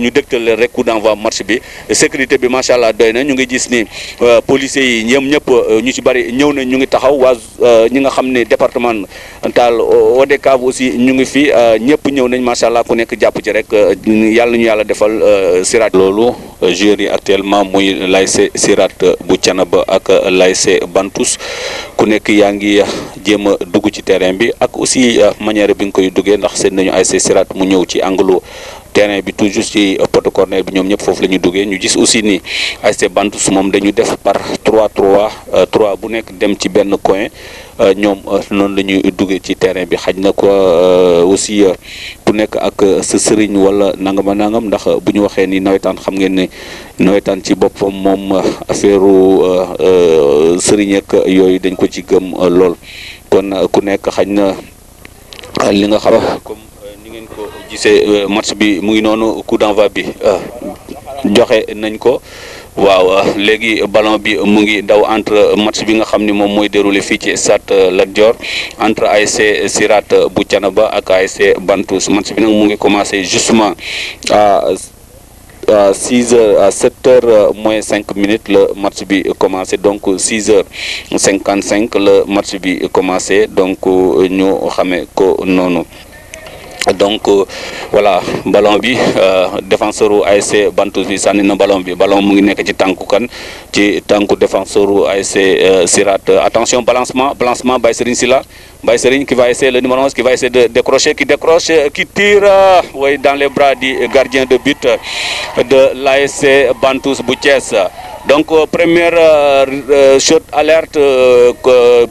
ñu dégtal leen rek coup d'envoi marche bi sécurité bi macha allah doy na ñu ngi gis ni euh, policiers yi ñoom ñëpp euh, ñu ci bari ñëw na ñu ngi taxaw waa euh, ñi nga xam ne départemental ODCAV aussi ñu ngi fi ñëpp ñëw nañ macha allah ku nekk jàpp ci rek yàlla ñu yàlla defal sirat loolu jury actuellement muy lycée sirat bu Thiénaba ak lycée Bantous ku nekk yaa ngi jéem a dugg ci terrain bi ak aussi manière bi nga koy duggee ndax seen nañu ay sirat mu ñëw ci anglo terrain bi tout juste ci porte corner bi ñom ñep fofu lañu duggé ñu gis aussi ni ASC su mom dañu def par 3 3 3 bu nek dem ci ben coin euh, ñom euh, non lañu duggé ci terrain bi xaj ko euh, aussi bu nek ak ce serigne wala nangam nangam ndax bu ñu waxee ni nawetan xam ngeen ni nawetan ci boppam mom affaire serigne ak yoy dañ ko ci gëm lool kon ku nek xaj na li nga xam comme gisee euh, match bi mu ngi noonu coup d'envoi bi euh, joxé nañ ko waaw euh, légui ballon bi mu ngi daw entre match bi nga xamni mom moy déroulé fi ci stade Lat Dior entre ASC Sirat bu Thiénaba ak ASC Bantous match bi nak mu ngi commencé justement à à 6 heures à 7 heures moins 5 minutes le match bi commencé donc 6 h 55 le match bi commencé donc ñu xamé ko noonu. donc euh, voilà ballon bi euh, défenseur ay ASC Bantus bi sànni na ballon bi ballon mu ngi nekk ci tànku kan ci tànku défenseur ay se euh, Sirat attention balancement balancement Baye Serigne Sylla Serigne qui va essayer le numéro 11, qui va essayer de décrocher, qui décroche, qui tire dans les bras du gardien de but de l'ASC Bantus Boutiès. Donc euh, première shot euh, euh, alerte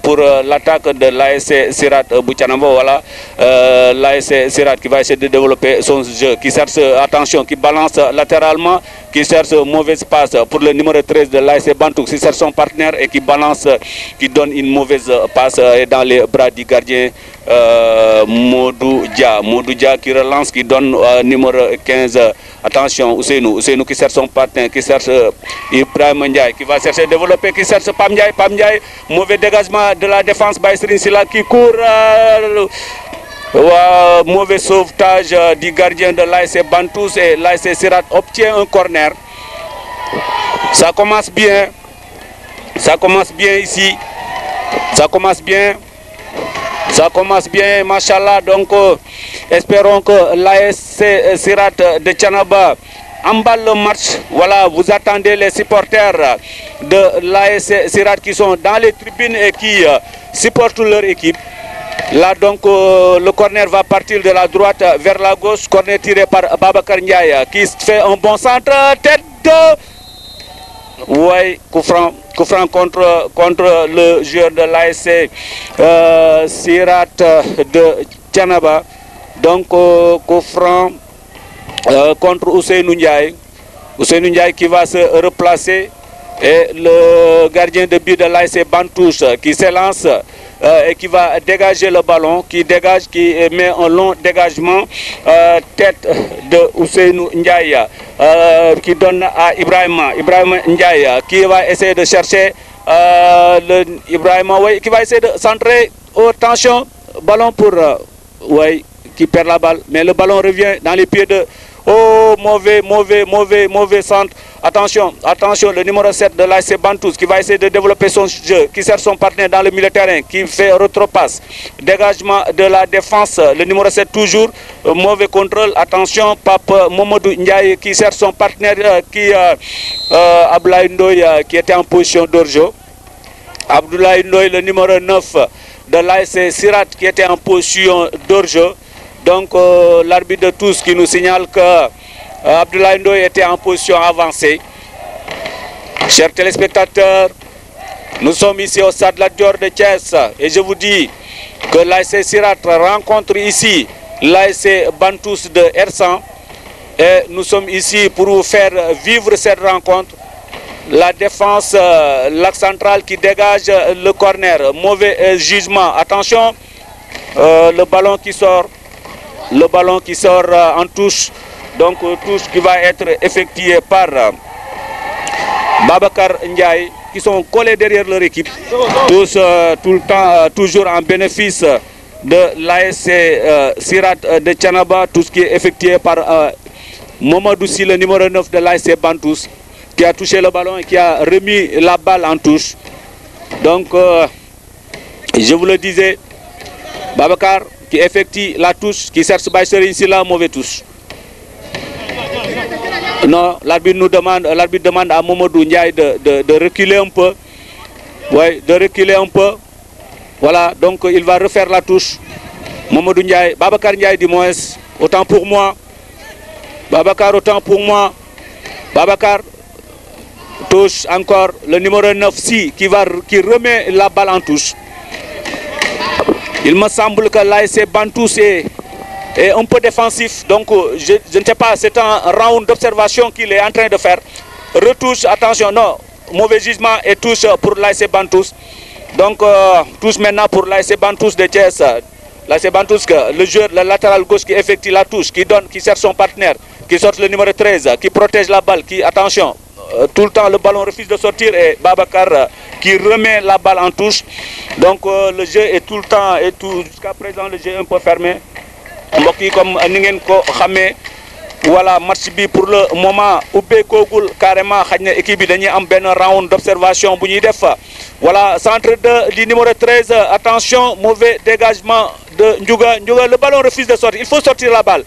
pour l'attaque de l'ASC Sirat Boutianambo. Voilà l'ASC Sirat qui va essayer de développer son jeu, qui cherche attention, qui balance latéralement qui cherche un mauvais passe pour le numéro 13 de l'IC Bantouk, qui cherche son partenaire et qui balance, qui donne une mauvaise passe dans les bras du gardien euh, Modou Dia. Modou Dia qui relance, qui donne euh, numéro 15. Attention, c'est nous qui cherche son partenaire, qui cherche euh, Ibrahim Ndiaye, qui va chercher développer, qui cherche Pam Ndiaye, Mauvais dégagement de la défense, Baïsrin Silla qui court. Euh, mauvais sauvetage euh, du gardien de l'ASC Bantous et l'ASC Sirat obtient un corner. Ça commence bien. Ça commence bien ici. Ça commence bien. Ça commence bien, machallah. Donc, euh, espérons que l'ASC Sirat de Tchanaba emballe le match. Voilà, vous attendez les supporters de l'ASC Sirat qui sont dans les tribunes et qui euh, supportent leur équipe. Là donc euh, le corner va partir de la droite vers la gauche, corner tiré par Baba Ndiaye euh, qui fait un bon centre, tête de... Ouais, Koufran, contre, contre le joueur de l'ASC euh, Sirat de Tchanaba. Donc euh, contre Ousseinou Ndiaye. Ousseinou Ndiaye qui va se replacer et le gardien de but de l'ASC Bantouche qui s'élance euh, et qui va dégager le ballon, qui dégage, qui met un long dégagement euh, tête de Ousseinou Ndiaye, euh, qui donne à Ibrahima, Ibrahima Ndiaye, qui va essayer de chercher le Ibrahima, qui va essayer de centrer. aux tension, ballon pour... Ouais, qui perd la balle, mais le ballon revient dans les pieds de Oh, mauvais, mauvais, mauvais, mauvais centre. Attention, attention, le numéro 7 de l'AC Bantous qui va essayer de développer son jeu, qui sert son partenaire dans le milieu terrain, qui fait retropasse. Dégagement de la défense, le numéro 7 toujours, euh, mauvais contrôle. Attention, Pape Momodou Ndiaye qui sert son partenaire, euh, qui euh, euh, Abdoulaye Ndoye qui était en position d'orjo. Abdoulaye Ndoye, le numéro 9 de l'AC Sirat qui était en position d'orjo. Donc euh, l'arbitre de tous qui nous signale que euh, Abdoulaye Ndoye était en position avancée. Chers téléspectateurs, nous sommes ici au stade La Dior de Thiès et je vous dis que l'ASC Sirat rencontre ici l'ASC Bantous de Ersan et nous sommes ici pour vous faire vivre cette rencontre. La défense, euh, l'axe central qui dégage le corner, mauvais jugement. Attention, le ballon qui sort le ballon qui sort euh, en touche, donc euh, touche qui va être effectuée par euh, Babacar Ndiaye, qui sont collés derrière leur équipe, tous tout le temps, toujours en bénéfice de l'ASC Sirat de Tchanaba, tout ce qui est effectué par Mamadou Si, le numéro 9 de l'ASC Bantous, qui a touché le ballon et qui a remis la balle en touche. Donc, je vous le disais, Babacar qui effectue la touche, qui cherche baisser ici là, mauvaise touche. Non, l'arbitre nous demande, l'arbitre demande à Momodou Ndiaye de, reculer un peu. Oui, de reculer un peu. Voilà, donc il va refaire la touche. Momodou Ndiaye, Babacar Ndiaye dit moins, autant pour moi. Babacar, autant pour moi. Babacar touche encore le numéro 9, si, qui, qui remet la balle en touche. Il me semble que l'ASC Bantous est, est, un peu défensif. Donc, je, ne sais pas, c'est un round d'observation qu'il est en train de faire. Retouche, attention, non, mauvais jugement et touche pour l'AC Bantous. Donc, euh, touche maintenant pour l'AC Bantous de Thiès. L'AC Bantous, le joueur, le latéral gauche qui effectue la touche, qui donne, qui sert son partenaire, qui sort le numéro 13, qui protège la balle, qui, attention, euh, tout le temps le ballon refuse de sortir et Babacar euh, qui remet la balle en touche. Donc euh, le jeu est tout le temps et tout jusqu'à présent le jeu est un peu fermé. Mboki comme ni ko voilà match bi pour le moment Kogoul carrément xagné équipe bi dañuy round d'observation observation voilà centre de du numéro 13 attention mauvais dégagement de Njouga. Njouga le ballon refuse de sortir il faut sortir la balle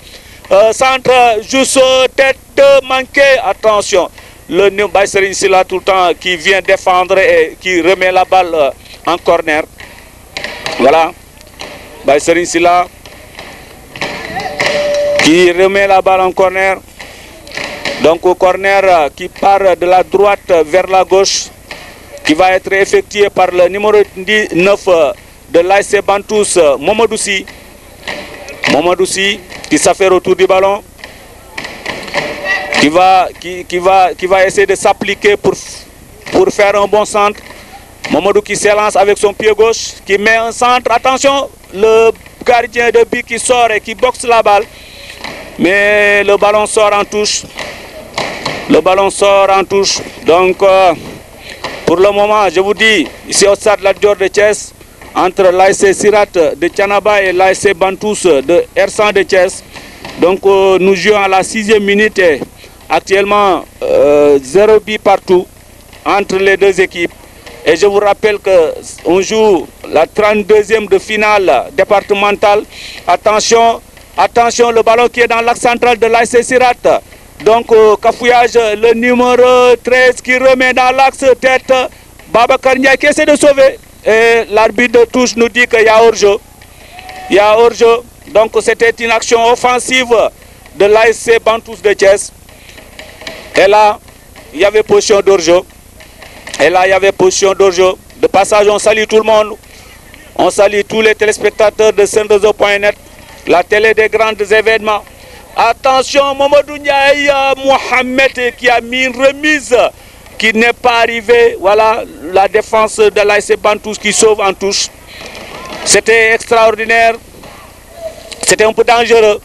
centre juste tête manquée attention le New Silla tout le temps qui vient défendre et qui remet la balle euh, en corner. Voilà. Baïserin Silla qui remet la balle en corner. Donc au corner euh, qui part de la droite vers la gauche, qui va être effectué par le numéro 9 euh, de l'AC Bantous, Momodoussi. Momodoussi qui s'affaire autour du ballon qui va, qui, va, qui va essayer de s'appliquer pour, pour faire un bon centre. Mamadou qui s'élance avec son pied gauche, qui met un centre. Attention, le gardien de but qui sort et qui boxe la balle. Mais le ballon sort en touche. Le ballon sort en touche. Donc, euh, pour le moment, je vous dis, ici au stade Dior de Thiès, entre l'AIC Sirat de Tianaba et l'AIC Bantous de Ersan de Thiès. Donc, euh, nous jouons à la sixième minute. Actuellement, 0 euh, zéro partout entre les deux équipes. Et je vous rappelle qu'on joue la 32e de finale départementale. Attention, attention, le ballon qui est dans l'axe central de l'AC Sirat. Donc, euh, cafouillage, le numéro 13 qui remet dans l'axe tête. Baba Karnia qui essaie de sauver. Et l'arbitre de touche nous dit qu'il y a hors-jeu. Il y a hors-jeu. Donc, c'était une action offensive de l'ASC Bantous de Thiès. Et là, il y avait position d'Orjo. Et là, il y avait position d'Orjo. De passage, on salue tout le monde. On salue tous les téléspectateurs de Sendozo.net, la télé des grands événements. Attention, Mamadou Ndiaye euh, Mohamed qui a mis une remise qui n'est pas arrivée. Voilà la défense de l'AIC Bantous qui sauve en touche. C'était extraordinaire. C'était un peu dangereux.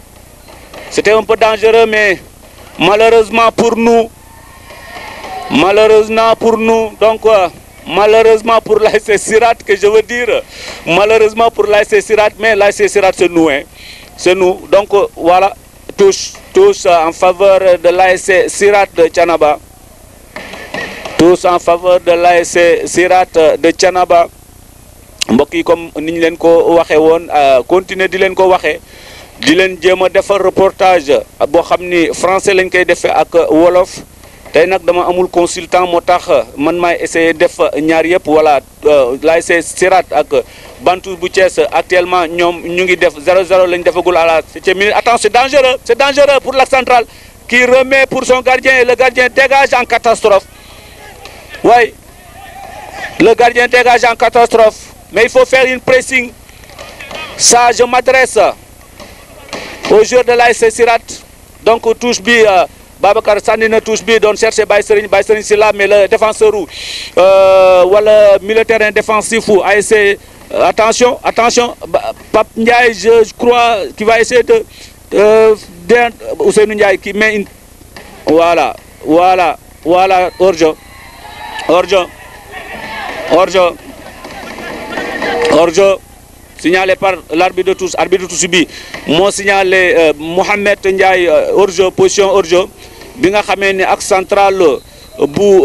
C'était un peu dangereux, mais Malheureusement pour nous, malheureusement pour nous, donc euh, malheureusement pour l'ASC Sirat, que je veux dire, malheureusement pour l'AC Sirat, mais l'ASC Sirat c'est nous, hein. c'est nous. Donc euh, voilà, tous, tous en faveur de l'ASC Sirat de Tchanaba. Tous en faveur de l'ASC Sirat de Tchanaba. comme ni ñu di leen jéem a defar reportage boo xam ni français lañ koy defee ak wolof tey nag dama amul consultant moo tax man maay essayer def ñaar yëpp voilà euh, laay see Sirat ak Bantu bu Thiès actuellement ñoom ñu ngi def 0-0 lañ defagul à la septième minute attention c'est dangereux c'est dangereux pour l'axe Centrale qui remet pour son gardien le gardien dégage en catastrophe Oui. le gardien dégage en catastrophe mais il faut faire une pressing ça je m'adresse au jour de c'est Sirat, donc touche bi, euh, Babacar Sandine touche bi, donc cherchez bay Serigne, c'est Serigne mais le défenseur ou euh, le militaire indéfensif ou ASC, euh, attention, attention, Pape Ndiaye, je crois qu'il va essayer de. Euh, Ousseinou Ndiaye qui met une. Voilà, voilà, voilà, Orjo. Orjo. Orjo. Orjo signalé par l'arbitre de tous. arbitre de tous, bi signalé euh, Mohamed Ndiaye euh, position orjo jeu bi nga xamee central euh, bu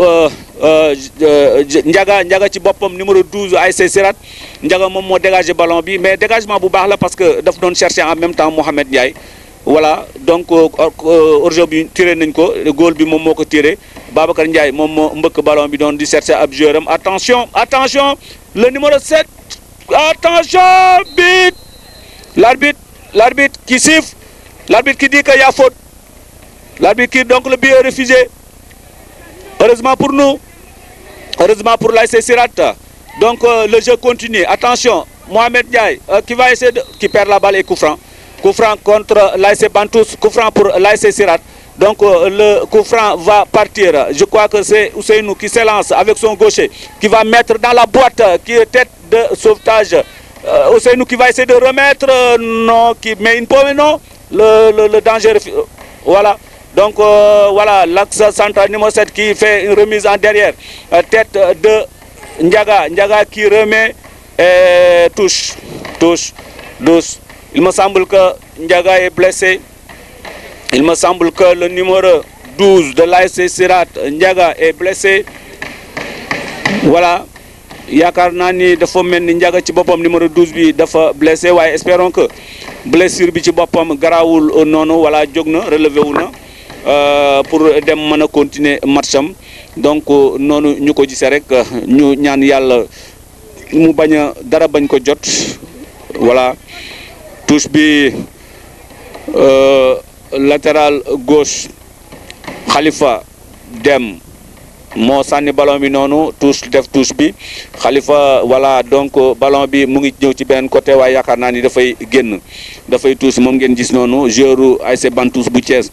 Ndiaga Ndiaga ci numéro 12 ic Serat. Ndiaga moom dégage le ballon bi mais dégagement bu baax parce que daf cherché en même temps Mohamed Ndiaye voilà donc Orjo jeu bi tiré le ko le bi tiré Babacar Ndiaye ballon bi donc di chercher attention attention le numéro 7. Attention, L'arbitre, l'arbitre qui siffle, l'arbitre qui dit qu'il y a faute. L'arbitre qui, donc le billet est refusé. Heureusement pour nous, heureusement pour l'AC Sirat. Donc euh, le jeu continue. Attention, Mohamed Ndiaye euh, qui va essayer qui perd la balle et Koufran. Koufran contre l'AC Bantous, Koufran pour l'AC Sirat. Donc euh, le coup va partir. Je crois que c'est Ousseinou qui s'élance avec son gaucher, qui va mettre dans la boîte euh, qui est tête de sauvetage. Euh, qui va essayer de remettre, euh, non, qui met une pomme non, le, danger. Voilà. Donc voilà, l'axe central numéro 7 qui fait une remise en derrière. tête de Ndiaga. Ndiaga qui remet et touche, touche, douce. Il me semble que Ndiaga est blessé. Il me semble que le numéro 12 de l'ASC Sirat Ndiaga est blessé. Voilà. Yakarnani de ni dafa mel numéro 12 bi dafa blessé ouais espérons que blessure bi ci boppam garaawul nono voilà jogna, relevé ou non euh, pour dem mën continuer match donc nono ñuko ko rek ñu ñaan yalla mu dara bañ ko jot voilà touche bi. Euh, latéral gauche Khalifa Dem Mo sànni ballon bi nonou touche def touche bi Khalifa voilà donc euh, ballon bi mu ngi ci ben côté waaye yaakaar naa ni dafay génn fay touche mom ngeen gis nonou joueur Bantous bu Thiès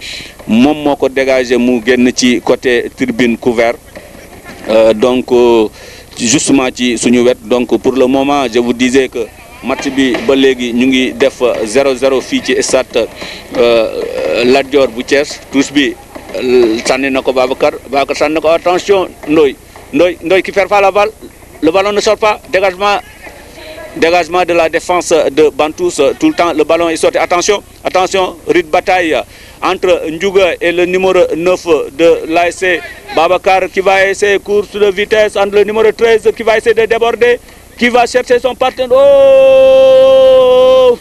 mom moko dégager génn ci côté tribune couvert euh, donc euh, justement ci suñu donc pour le moment je vous disais que match bi ba ñu def 0-0 fi ci stade euh Dior bu tous bi euh, Babacar attention noy noy noy qui perd pas la balle le ballon ne sort pas dégagement dégagement de la défense de Bantous tout le temps le ballon est sorti attention attention de bataille entre Ndiouga et le numéro 9 de l'ASC Babacar qui va essayer course de vitesse entre le numéro 13 qui va essayer de déborder qui va chercher son partenaire. Oh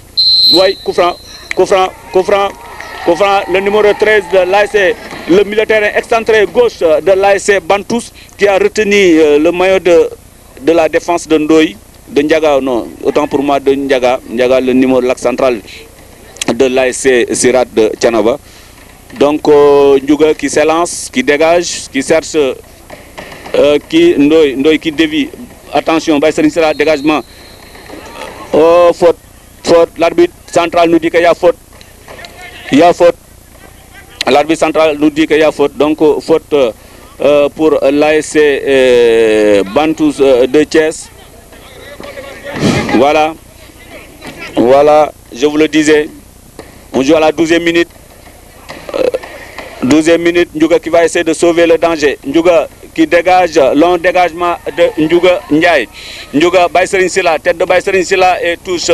oui, Koufran, Koufran, Koufran, Koufran, le numéro 13 de l'ASC, le militaire excentré gauche de l'ASC Bantous, qui a retenu euh, le maillot de, de la défense de Ndoye, de Ndiaga, non, autant pour moi de Ndiaga, Ndiaga le numéro de l'axe central de l'ASC Zirat de Tchanaba. Donc euh, qui s'élance, qui dégage, qui cherche, euh, qui, Ndoy, Ndoye qui dévie attention, Baye Serigne dégagement. Oh, faute, faute. L'arbitre central nous dit qu'il y a faute. Il y a faute. L'arbitre central nous dit qu'il y a faute. Donc, euh, faute euh, euh, pour l'ASC Bantus de Thiès. Voilà. Voilà, je vous le disais. On joue à la 12e minute. 12e minute, Ndjouga qui va essayer de sauver le danger. Ndjouga qui dégage long dégagement de Ndjouga Ndiaye. Ndjouga Baïserin Silla, tête de Baïserin Silla et touche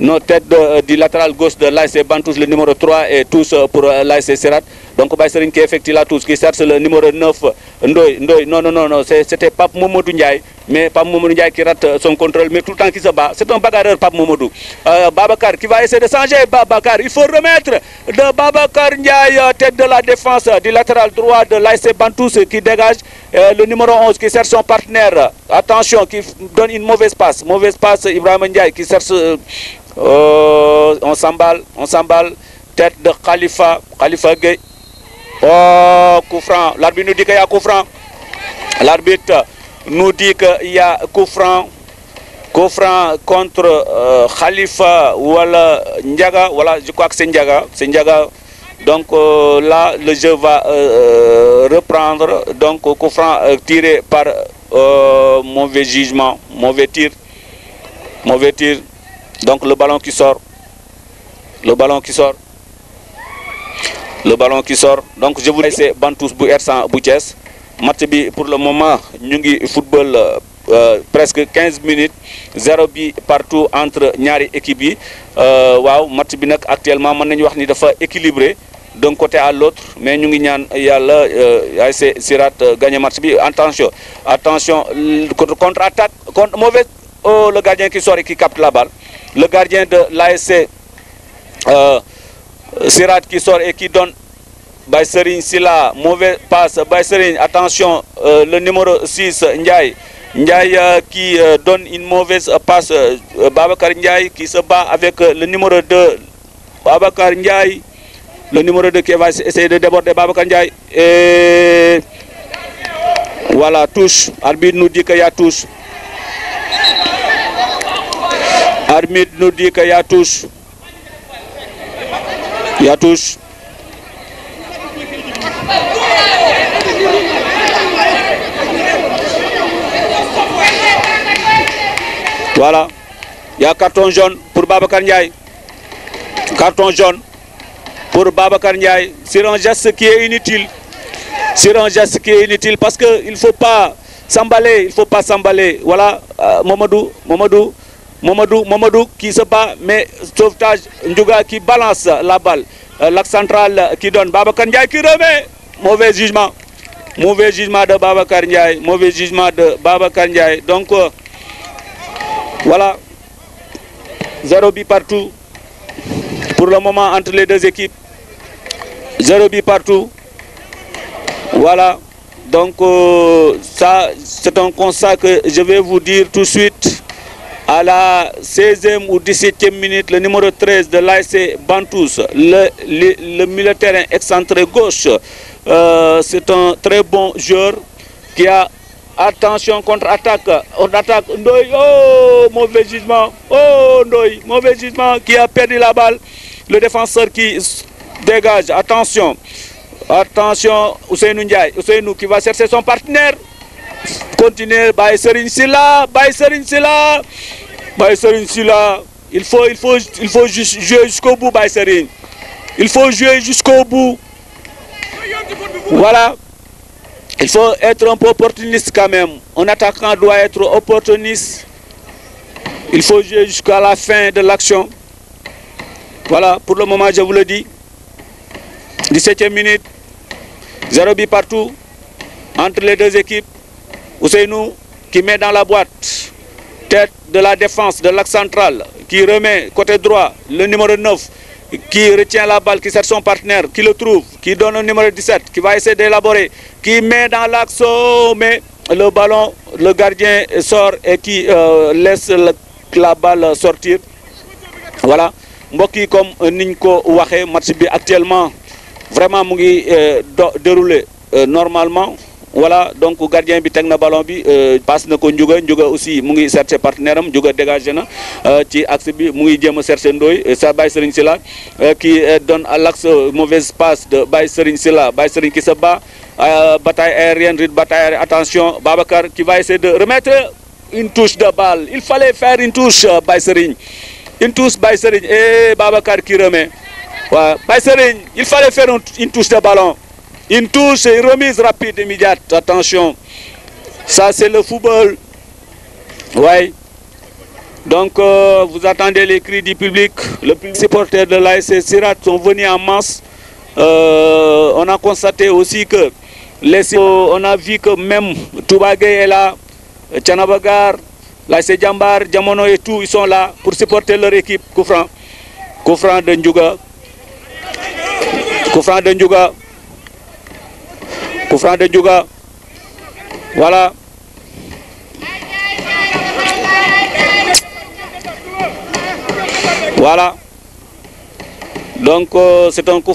nos têtes du latéral gauche de l'AC Bantouche, le numéro 3 et touche pour l'AC Serat donc Baye Serigne qui effectue la touche qui cherche le numéro 9 Ndoy Ndoy non non non non c'était Pape Momodou Ndiaye mais Pape Momodou Ndiaye qui rate euh, son contrôle mais tout le temps qui se bat c'est un bagarreur Pape Momodou euh, Babacar qui va essayer de changer Babacar il faut remettre de Babacar Ndiaye euh, tête de la défense euh, du latéral droit de l'IC Bantous qui dégage le numéro 11 qui cherche son partenaire attention qui donne une mauvaise passe mauvaise passe Ibrahim Ndiaye qui cherche on s'emballe on s'emballe tête de Khalifa Khalifa Gueye Oh, coup L'arbitre nous dit qu'il y a coup L'arbitre nous dit qu'il y a coup franc. contre Khalifa ou Ndiaga. Voilà, je crois que c'est Ndiaga. Donc euh, là, le jeu va euh, euh, reprendre. Donc, coup tiré par mauvais jugement, mauvais tir. Mauvais tir. Donc, le ballon qui sort. Le ballon qui sort le ballon qui sort donc je vous laisse Bantous tous sans Matibi, pour le moment ñu football euh, presque 15 minutes zéro bi partout entre Nyari et Kibi. euh, waaw match actuellement nous avons wax équilibré d'un côté à l'autre mais nous avons ñaan euh, Sirat euh, match attention attention contre attaque contre oh, le gardien qui sort et qui capte la balle le gardien de l'ASC euh, Sirat qui sort et qui donne c'est Silla, mauvais passe, Serigne, attention, euh, le numéro 6, Ndiaye. Ndiaye euh, qui euh, donne une mauvaise passe, Babacar Ndiaye qui se bat avec le numéro 2, Babacar Ndiaye, le numéro 2 qui va essayer de déborder Babacar Ndiaye. Et voilà, touche, Arbitre nous dit qu'il y a touche. Arbitre nous dit qu'il y a touche. Il y a Voilà. Il y a carton jaune pour Baba Ndiaye. Carton jaune pour Baba Ndiaye. C'est un geste qui est inutile. C'est un geste qui est inutile parce qu'il ne faut pas s'emballer. Il ne faut pas s'emballer. Voilà, euh, Mamadou, Mamadou. Mamadou, Mamadou qui se bat, mais sauvetage Ndjouga qui balance la balle. Euh, l'axe central qui donne Baba Ndiaye qui remet. Mauvais jugement. Mauvais jugement de Baba Ndiaye. Mauvais jugement de Baba Ndiaye. Donc, euh, voilà. Zéro but partout. Pour le moment, entre les deux équipes. Zéro but partout. Voilà. Donc, euh, ça, c'est un constat que je vais vous dire tout de suite. À la 16e ou 17e minute, le numéro 13 de l'AC Bantous, le, le, le, militaire excentré gauche, euh, c'est un très bon joueur qui a attention contre-attaque. On attaque oh mauvais jugement, oh mauvais jugement qui a perdu la balle. Le défenseur qui dégage, attention, attention, Ousseinou Ndiaye, Ousseinou qui va chercher son partenaire continuer là, Serigne sila Serigne sila Serigne là il faut il faut il faut jouer jusqu'au bout il faut jouer jusqu'au bout voilà il faut être un peu opportuniste quand même un attaquant doit être opportuniste il faut jouer jusqu'à la fin de l'action voilà pour le moment je vous le dis 17e minute 0 partout entre les deux équipes nous qui met dans la boîte, tête de la défense de l'axe central, qui remet côté droit le numéro 9, qui retient la balle, qui sert son partenaire, qui le trouve, qui donne le numéro 17, qui va essayer d'élaborer, qui met dans l'axe, oh, mais le ballon, le gardien sort et qui euh, laisse la balle sortir. Voilà. Mboki comme Ninko Ouaké, match actuellement, vraiment, euh, déroulé euh, normalement voilà donc le gardien bi tek na ballon bi euh, passe na ko njuga Ndiouga aussi mu ngi chercher partenaire am Ndiouga dégagé na euh, ci axe bi mu ngi jéem a chercher Ndoye euh, sa Serigne Sylla qui donne à l'axe mauvaise passe de Baye Serigne sila Baye Serigne qui se bat bataille aérienne rythme bataille aérienne attention Babacar qui va essayer de remettre une touche de balle il fallait faire une touche Baye Serigne une touche Baye Serigne et Babacar qui remet waaw Baye Serigne il fallait faire une touche de ballon. Une touche et une remise rapide immédiate. Attention. Ça, c'est le football. Ouais. Donc, euh, vous attendez les cris du public. Le supporter de l'ASC Sirat sont venus en masse. Euh, on a constaté aussi que on a vu que même Toubagé est là, Tchanabagar, l'ASC Djambar, Djamono et tout, ils sont là pour supporter leur équipe. Koufran, Koufran de Koufran de de Njuga. voilà voilà donc euh, c'est un coup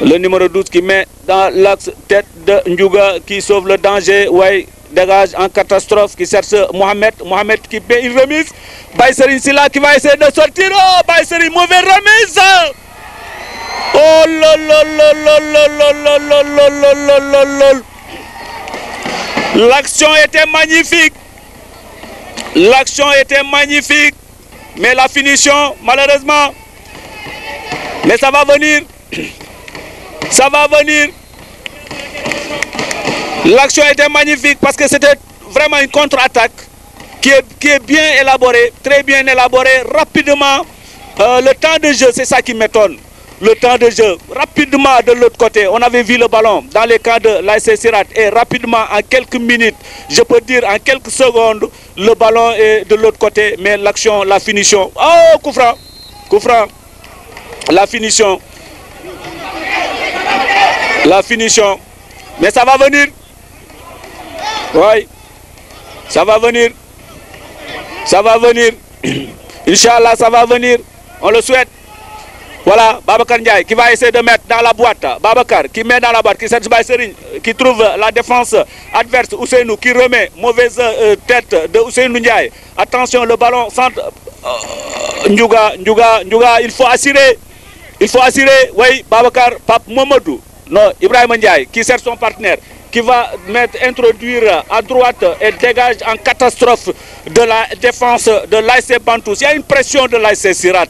le numéro 12 qui met dans l'axe tête de Ndjouga, qui sauve le danger ouais dégage en catastrophe qui cherche Mohamed Mohamed qui paie une remise Baïseri Silla qui va essayer de sortir oh Baïseri mauvaise remise Oh là L'action était magnifique. L'action était magnifique. Mais la finition, malheureusement. Mais ça va venir. Ça va venir. L'action était magnifique parce que c'était vraiment une contre-attaque qui est, qui est bien élaborée, très bien élaborée, rapidement. le temps de jeu, c'est ça qui m'étonne le temps de jeu. Rapidement de l'autre côté, on avait vu le ballon dans les cas de l'ICC Sirat et rapidement en quelques minutes, je peux dire en quelques secondes, le ballon est de l'autre côté, mais l'action, la finition. Oh, Koufra, Koufra, la finition, la finition, mais ça va venir. Oui, ça va venir, ça va venir. Inch'Allah, ça va venir, on le souhaite. Voilà, Babacar Ndiaye qui va essayer de mettre dans la boîte. Babacar qui met dans la boîte, qui qui trouve la défense adverse. Ousseinou qui remet mauvaise euh, tête de Ousseinou Ndiaye. Attention, le ballon centre. Euh, Ndiouga, il faut assurer. Il faut assurer. Oui, Babacar, Pape Momodou. Non, Ibrahim Ndiaye qui sert son partenaire qui va mettre, introduire à droite et dégage en catastrophe de la défense de l'IC Bantous. Il y a une pression de l'IC Sirat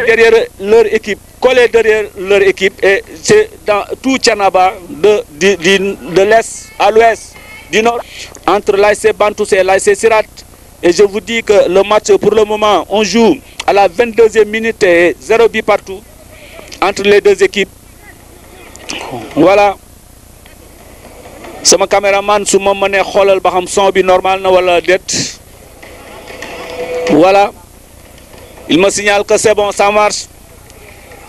derrière leur équipe, Collé derrière leur équipe. Et c'est dans tout Tchanaba, de, de, l'est à l'ouest, du nord, entre l'IC Bantous et l'IC Sirat. Et je vous dis que le match, pour le moment, on joue à la 22e minute et 0 but partout entre les deux équipes. Voilà. C'est mon caméraman sous mon mënee Kholal ba son bi normal na wala dette voilà il me signale que c'est bon, ça marche.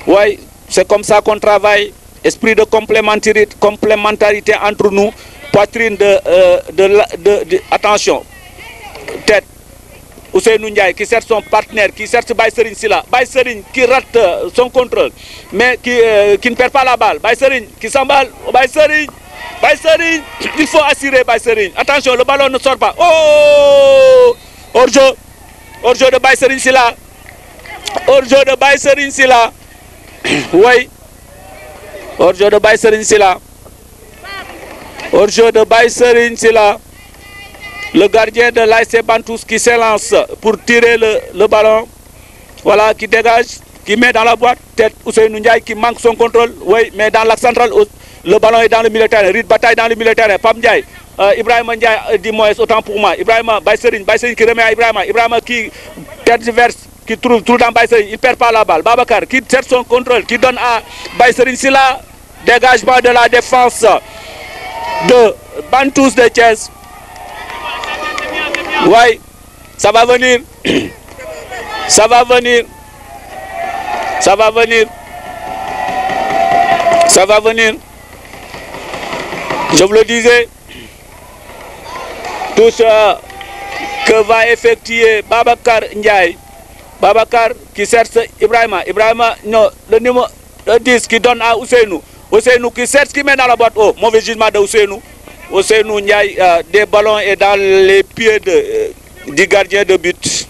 Oui, c'est comme ça qu'on travaille. Esprit de complémentarité, entre nous. Poitrine de, euh, de, attention. Tête. Ousse Ndiaye qui cherche son partenaire, qui cherche Baye Serigne Silla, Baye qui rate euh, son contrôle, mais qui, euh, qui ne perd pas la balle, Baye qui s'emballe, oh, Baye Serigne, il faut assurer Baye Attention, le ballon ne sort pas. Oh Orjo, Orjo de Baye Serigne Silla, orjo de Baye Serigne sila way orjo de Baye Serigne orjo de Baye Serigne là. le gardien de l'IC Bantous qui s'élance pour tirer le, ballon voilà qui dégage qui met dans la boîte tête Ousseynou Ndiaye qui manque son contrôle oui mais dans la centrale, le ballon est dans le militaire. Bataille dans le militaire. Ibrahim Pam Ndiaye euh, dis-moi euh, autant pour moi Ibrahim, Baye Serigne qui remet à Ibrahim. Ibrahim qui perd diverses qui trouve tout dans il perd pas la balle. Babacar qui cherche son contrôle, qui donne à Baïseri Silla, dégagement de la défense de Bantous de Thiès. Oui, ça va venir. Ça va venir. Ça va venir. Ça va venir. Je vous le disais, tout ce que va effectuer Babacar Ndiaye Babacar qui cherche Ibrahima, Ibrahima, non, le numéro 10 qui donne à Ousseinou, Ousseinou qui cherche, qui met dans la boîte, oh, mauvais jugement de Ousseinou, Ousseinou euh, des ballons et dans les pieds euh, du gardien de but.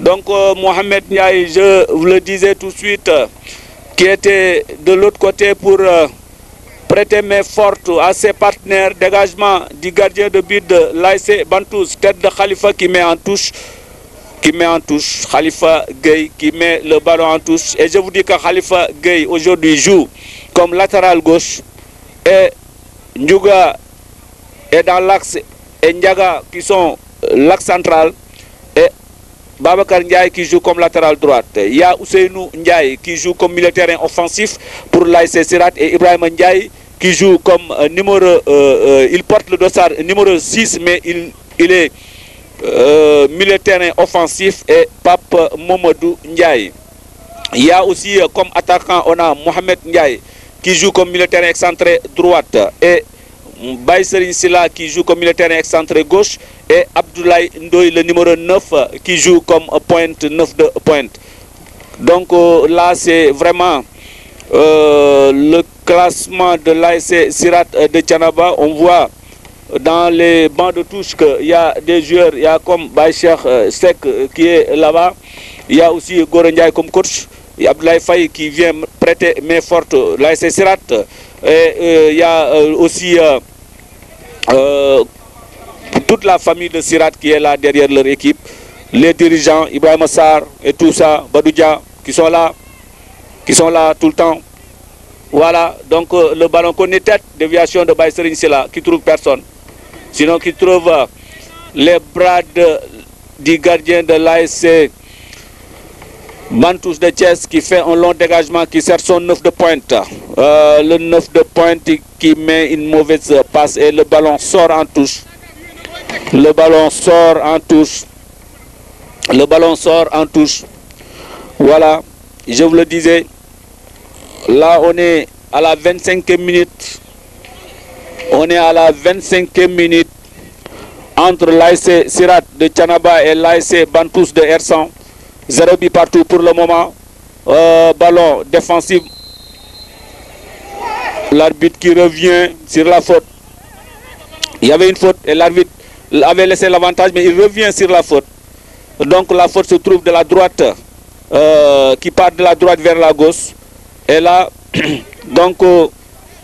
Donc euh, Mohamed Niaï, je vous le disais tout de suite, qui était de l'autre côté pour prêter main forte à ses partenaires, dégagement du gardien de but de l'AIC Bantous, tête de Khalifa qui met en touche qui met en touche Khalifa Gueye, qui met le ballon en touche. Et je vous dis que Khalifa Gay aujourd'hui joue comme latéral gauche et Njuga est dans l'axe et qui sont euh, l'axe central et Babacar Ndiaye qui joue comme latéral droite. Il y a Ousseinou Ndiaye qui joue comme militaire offensif pour l'AIC Sirat et Ibrahim Ndiaye qui joue comme euh, numéro... Euh, il porte le dossard numéro 6 mais il, il est militaire euh, milieu offensif et Pape Momodou Ndiaye. Il y a aussi euh, comme attaquant, on a Mohamed Ndiaye qui joue comme militaire excentré droite et Baïserin Silla qui joue comme milieu terrain excentré gauche et Abdoulaye ndoy le numéro 9 qui joue comme pointe 9 de pointe. Donc euh, là c'est vraiment le classement de l'ASC Sirat de Tchanaba. On voit dans les bancs de touche il y a des joueurs, il y a comme Baïcher euh, Sek euh, qui est là-bas, il y a aussi Gorendiaï comme coach, il y a Abdoulaye Faye qui vient prêter main forte l'ASC Sirat, et euh, il y a aussi toute la famille de Sirat qui est là derrière leur équipe, les dirigeants, Ibrahim Assar et tout ça, Badouja qui sont là, qui sont là tout le temps. Voilà, donc le ballon connaît tête, déviation de Baïserine, c'est qui trouve personne. Sinon, qui trouve euh, les bras du gardien de l'ASC, Mantouche de Thiès, qui fait un long dégagement, qui sert son 9 de pointe. Euh, le 9 de pointe qui met une mauvaise passe et le ballon sort en touche. Le ballon sort en touche. Le ballon sort en touche. Voilà, je vous le disais. Là, on est à la 25e minute on est à la 25e minute entre l'AIC Sirat de Tchanaba et l'AIC Bantous de Ersan. Zéro but partout pour le moment. Euh, ballon défensif. L'arbitre qui revient sur la faute. Il y avait une faute et l'arbitre avait laissé l'avantage, mais il revient sur la faute. Donc la faute se trouve de la droite, euh, qui part de la droite vers la gauche. Et là, donc euh,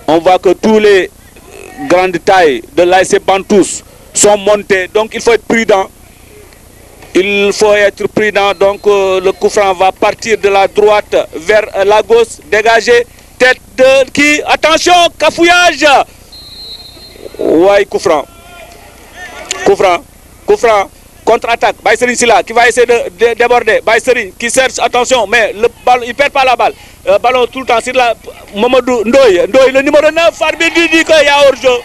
on voit que tous les grande taille de l'IC e Bantous sont montés. Donc il faut être prudent. Il faut être prudent. Donc euh, le coup va partir de la droite vers euh, la gauche. Dégagé. Tête de qui Attention, cafouillage Ouais, coup franc. Coup Contre-attaque, c'est Silla qui va essayer de, déborder. Serigne qui cherche, attention, mais le ballon, il ne perd pas la balle. Euh, ballon tout le temps c'est là, Mamadou Ndoye. Ndoye, le numéro 9, arbitre dit qu'il y a Orjo,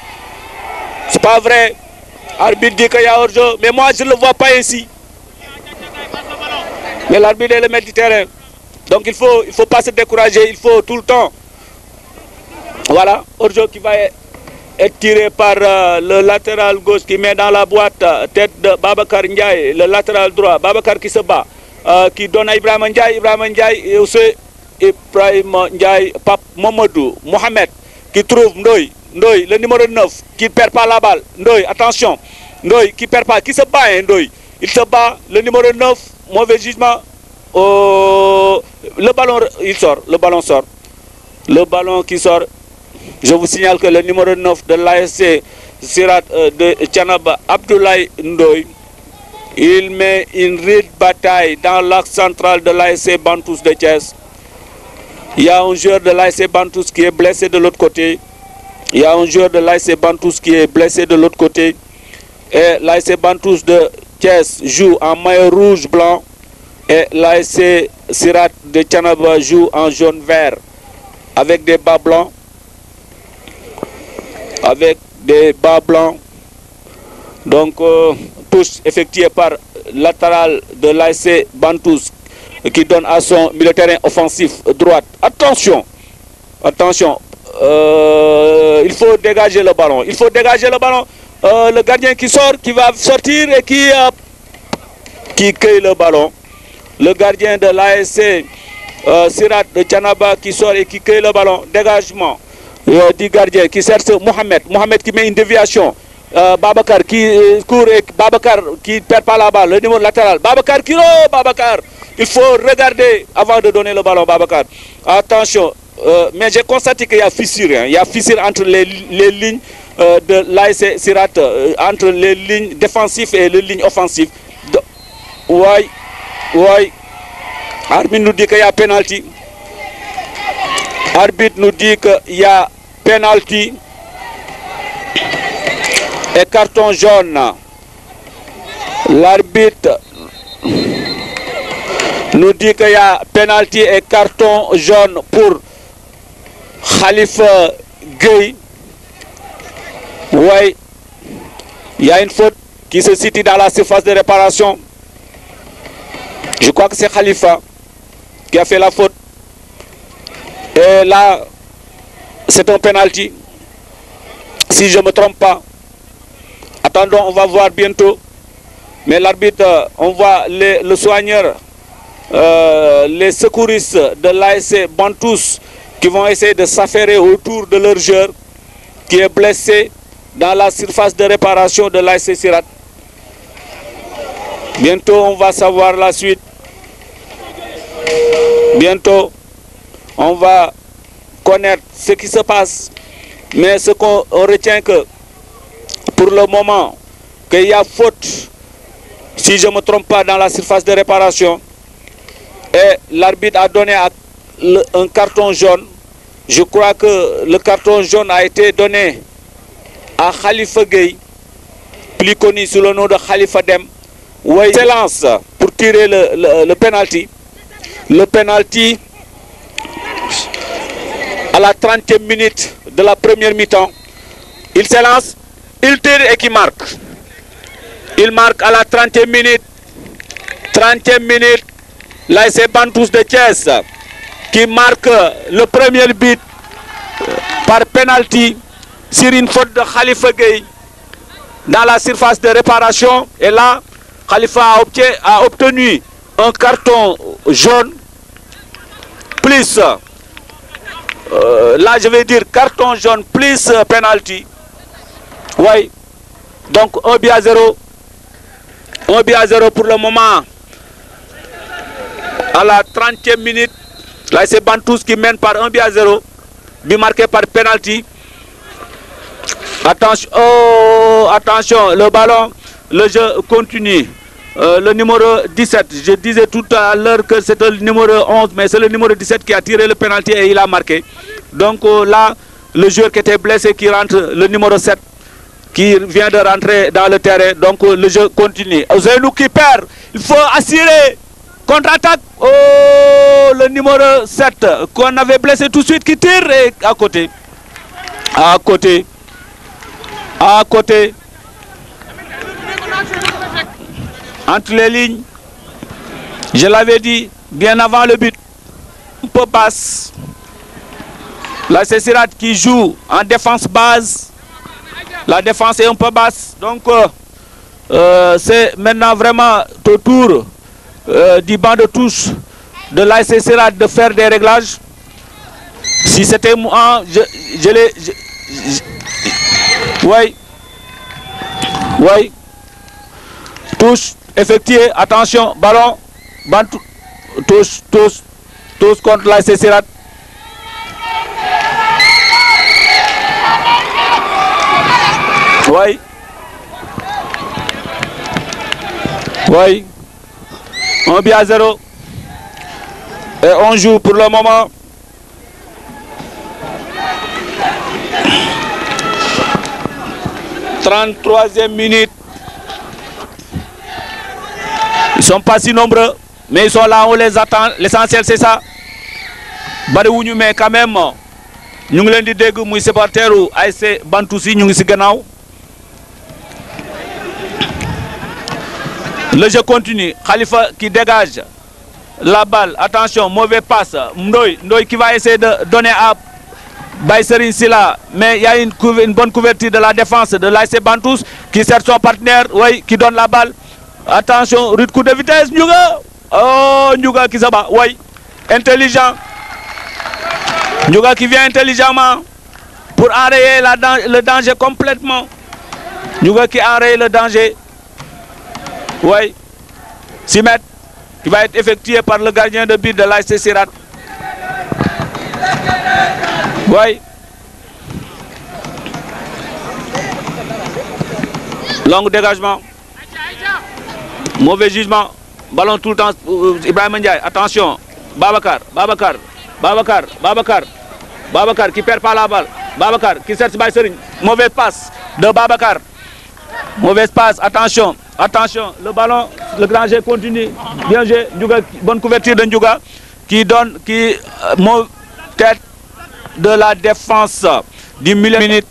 C'est pas vrai. Arbitre dit qu'il y a Orjo, mais moi je ne le vois pas ici. Mais l'arbitre est le maître du terrain. Donc il ne faut, il faut pas se décourager, il faut tout le temps. Voilà, Orjo qui va est tiré par euh, le latéral gauche qui met dans la boîte euh, tête de Babacar Ndiaye, le latéral droit. Babacar qui se bat, euh, qui donne à Ibrahim Ndiaye. Ibrahim Ndiaye et aussi Ibrahim Ndiaye, Pape Mohamed qui trouve Ndoy. Ndoy, le numéro 9, qui ne perd pas la balle. Ndoy, attention. Ndoy, qui perd pas, qui se bat, hein, Il se bat, le numéro 9, mauvais jugement. le ballon, il sort, le ballon sort. Le ballon qui sort, je vous signale que le numéro 9 de l'ASC Sirat euh, de Tchanaba, Abdoulaye Ndoy, il met une rude bataille dans l'arc central de l'ASC Bantous de Thiès. Il y a un joueur de l'ASC Bantous qui est blessé de l'autre côté. Il y a un joueur de l'ASC Bantous qui est blessé de l'autre côté. Et l'ASC Bantous de Thiès joue en maillot rouge-blanc et l'ASC Sirat de Tchanaba joue en jaune-vert avec des bas blancs avec des bas blancs, donc push euh, effectuée par latéral de l'ASC Bantous qui donne à son milieu terrain offensif droite. Attention, attention, euh, il faut dégager le ballon, il faut dégager le ballon. Euh, le gardien qui sort, qui va sortir et qui, qui cueille le ballon. Le gardien de l'ASC, Sirat de Tchanaba, qui sort et qui cueille le ballon. Dégagement. Euh, du gardien qui cherche Mohamed. Mohamed qui met une déviation. Euh, Babacar qui euh, court et Babacar qui perd pas la balle, le numéro latéral. Babacar qui oh, Babacar. Il faut regarder avant de donner le ballon Babacar. Attention, mais j'ai constaté qu'il y a fissure, hein. il y a fissure entre les, lignes de l'AS entre les lignes défensives et les lignes offensives. Oui, oui. Arbitre nous dit qu'il y a pénalty. Arbitre nous dit qu'il y a penalty et carton jaune. L'arbitre nous dit qu'il y a penalty et carton jaune pour Khalifa Gueye. Oui, il y a une faute qui se situe dans la surface de réparation. Je crois que c'est Khalifa qui a fait la faute. Et là, c'est un penalty. Si je ne me trompe pas, attendons, on va voir bientôt. Mais l'arbitre, euh, on voit le soigneur, euh, les secouristes de l'ASC Bantous qui vont essayer de s'affairer autour de leur joueur qui est blessé dans la surface de réparation de l'ASC Sirat. Bientôt, on va savoir la suite. Bientôt, on va connaître ce qui se passe. Mais ce qu'on retient que pour le moment, qu'il y a faute, si je ne me trompe pas, dans la surface de réparation, et l'arbitre a donné un carton jaune. Je crois que le carton jaune a été donné à Khalifa Gueye, plus connu sous le nom de Khalifa Dem. Oui, lance pour tirer le, le, le penalty. Le penalty à la 30e minute de la première mi-temps. Il se lance, il tire et qui marque. Il marque à la 30e minute. 30e minute, c'est Bantous de Thiès qui marque le premier but euh, par penalty sur une faute de Khalifa Gueye dans la surface de réparation. Et là, Khalifa a obtenu un carton jaune plus euh, là je vais dire carton jaune plus euh, penalty. Oui. Donc 1 à 0. 1 à 0 pour le moment. À la 30e minute, là c'est Bantous qui mène par 1 à 0. Bimarqué marqué par penalty. Attention, oh, attention, le ballon, le jeu continue. Euh, le numéro 17, je disais tout à l'heure que c'était le numéro 11, mais c'est le numéro 17 qui a tiré le pénalty et il a marqué. Donc euh, là, le joueur qui était blessé qui rentre, le numéro 7, qui vient de rentrer dans le terrain. Donc euh, le jeu continue. Zenou qui perd, il faut assurer. Contre-attaque, oh, le numéro 7 qu'on avait blessé tout de suite qui tire et à côté. À côté. À côté entre les lignes. Je l'avais dit bien avant le but. Un peu basse. La Cécirat qui joue en défense base. La défense est un peu basse. Donc, euh, euh, c'est maintenant vraiment au tour euh, du banc de touche de la Cécirat de faire des réglages. Si c'était moi, je, je l'ai... Oui. Oui. Touche effectué. Attention, ballon. Bantou, tous, tous, tous contre la CCRAT. Oui. Oui. On bien à zéro. Et on joue pour le moment. « 33e minute. Ils ne sont pas si nombreux, mais ils sont là, on les attend. L'essentiel, c'est ça. mais quand même ñu ngi leen di dégg muy supporteru Bantousi, nous Le jeu continue. Khalifa qui dégage la balle. Attention, mauvais passe. Ndoy, Ndoy qui va essayer de donner à ici-là, Mais il y a une, bonne couverture de la défense de l'AC Bantous qui sert son partenaire, qui donne la balle attention de coup de vitesse Njuga. oh Njuga qui s'abat oui. intelligent Njuga qui vient intelligemment pour arrêter le danger complètement Njuga qui arrête le danger Oui. 6 mètres qui va être effectué par le gardien de but de la Sirat Oui. long dégagement Mauvais jugement. Ballon tout le temps. Euh, Ibrahim Ndiaye, attention. Babacar, Babacar, Babacar, Babacar. Babacar qui perd pas la balle. Babacar qui s'est by Mauvais Mauvaise passe de Babacar. Mauvaise passe, attention. Attention, le ballon, le grand jeu continue. Bien joué, bonne couverture de Ndjouga qui donne, qui euh, tête de la défense du milieu minute.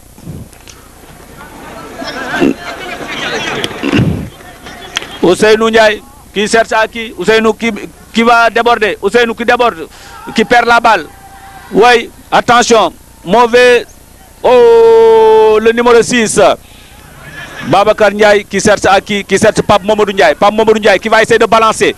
Ousseynou Ndiaye qui cherche à qui Ousseynou qui, qui va déborder, Ousseynou qui déborde, qui perd la balle. Oui, attention, mauvais. Oh, le numéro 6. Babacar Ndiaye qui cherche à qui Qui cherche Pape Momodou Ndiaye. Pape Momodou Ndiaye qui va essayer de balancer.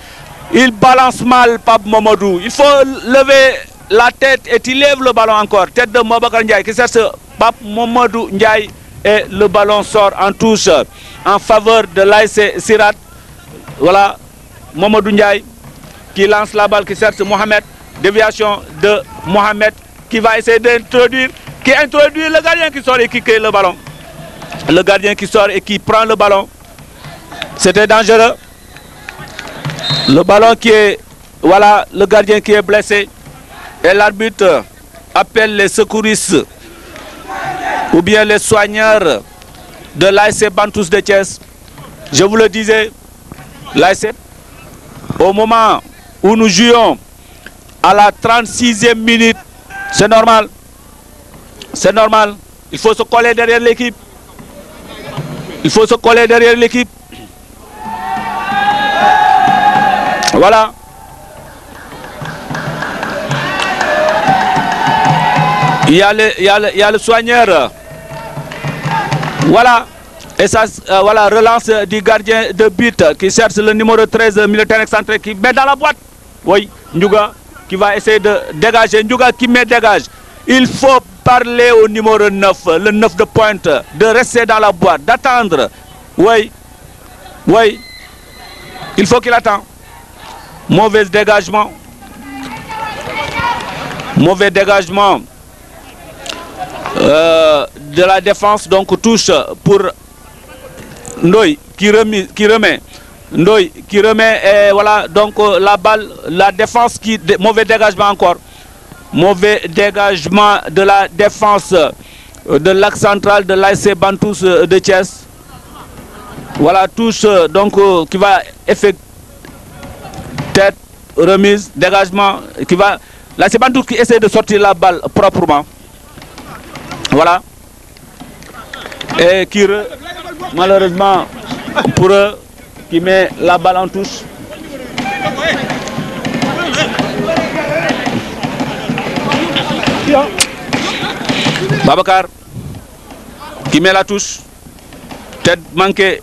Il balance mal Pape Momodou. Il faut lever la tête et il lève le ballon encore. Tête de Babacar Ndiaye qui cherche Pape Momodou Ndiaye. Et le ballon sort en touche en faveur de l'AIC Sirat voilà Mamadou Ndiaye qui lance la balle, qui certes Mohamed, déviation de Mohamed qui va essayer d'introduire, qui introduit le gardien qui sort et qui crée le ballon. Le gardien qui sort et qui prend le ballon. C'était dangereux. Le ballon qui est, voilà, le gardien qui est blessé. Et l'arbitre appelle les secouristes ou bien les soigneurs de l'ASC Bantous de Thiès. Je vous le disais, l'ASF. au moment où nous jouons à la 36e minute, c'est normal. C'est normal. Il faut se coller derrière l'équipe. Il faut se coller derrière l'équipe. Voilà. il y a le soigneur. Voilà. Et ça, euh, voilà, relance du gardien de but qui cherche le numéro 13 militaire excentré qui met dans la boîte. Oui, Njuga qui va essayer de dégager. Njuga qui met dégage. Il faut parler au numéro 9, le 9 de pointe, de rester dans la boîte, d'attendre. Oui, oui, il faut qu'il attend. Mauvais dégagement. Mauvais dégagement euh, de la défense, donc touche pour Ndoy qui remet, qui remet qui remet et voilà donc euh, la balle, la défense qui mauvais dégagement encore, mauvais dégagement de la défense euh, de l'axe central de l'IC Bantous euh, de Thiès. Voilà touche donc qui va effectuer tête remise dégagement qui va l'AC Bantous qui essaie de sortir la balle proprement. Voilà et qui Malheureusement pour eux, qui met la balle en touche. Babacar qui met la touche. Tête manquée.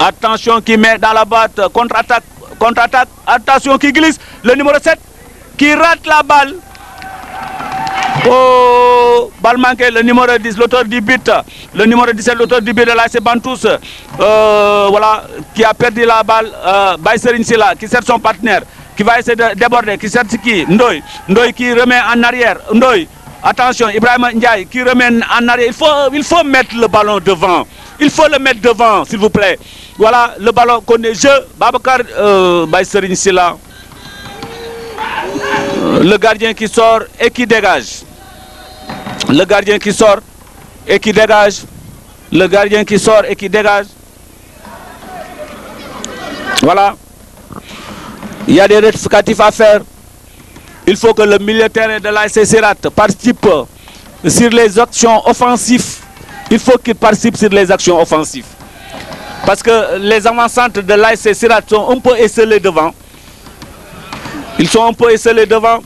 Attention qui met dans la boîte Contre-attaque. Contre-attaque. Attention qui glisse. Le numéro 7 qui rate la balle. Oh balle le numéro 10, l'auteur du but, le numéro 17, l'auteur du but de l'AC Bantous, euh, voilà, qui a perdu la balle, euh, Baïserine qui sert son partenaire, qui va essayer de déborder, qui sert qui Ndoy, Ndoy qui remet en arrière, Ndoy, attention, Ibrahim Ndiaye qui remet en arrière, il faut, il faut mettre le ballon devant, il faut le mettre devant, s'il vous plaît. Voilà, le ballon connaît jeu, Babacar euh, Baïserine euh, le gardien qui sort et qui dégage le gardien qui sort et qui dégage, le gardien qui sort et qui dégage. Voilà. Il y a des rectificatifs à faire. Il faut que le militaire de l'ASC participe sur les actions offensives. Il faut qu'il participe sur les actions offensives. Parce que les avant de l'ASC sont un peu esselés devant. Ils sont un peu esselés devant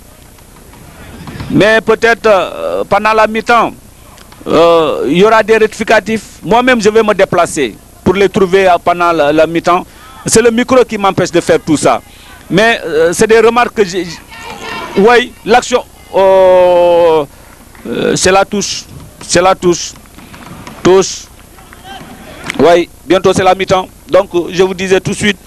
mais peut-être euh, pendant la mi-temps, euh, il y aura des rectificatifs. Moi-même, je vais me déplacer pour les trouver euh, pendant la, mi-temps. C'est le micro qui m'empêche de faire tout ça. Mais c'est des remarques que j'ai... Oui, l'action... Oh, c'est la touche. C'est la touche. Touche. Oui, bientôt c'est la mi-temps. Donc, je vous disais tout de suite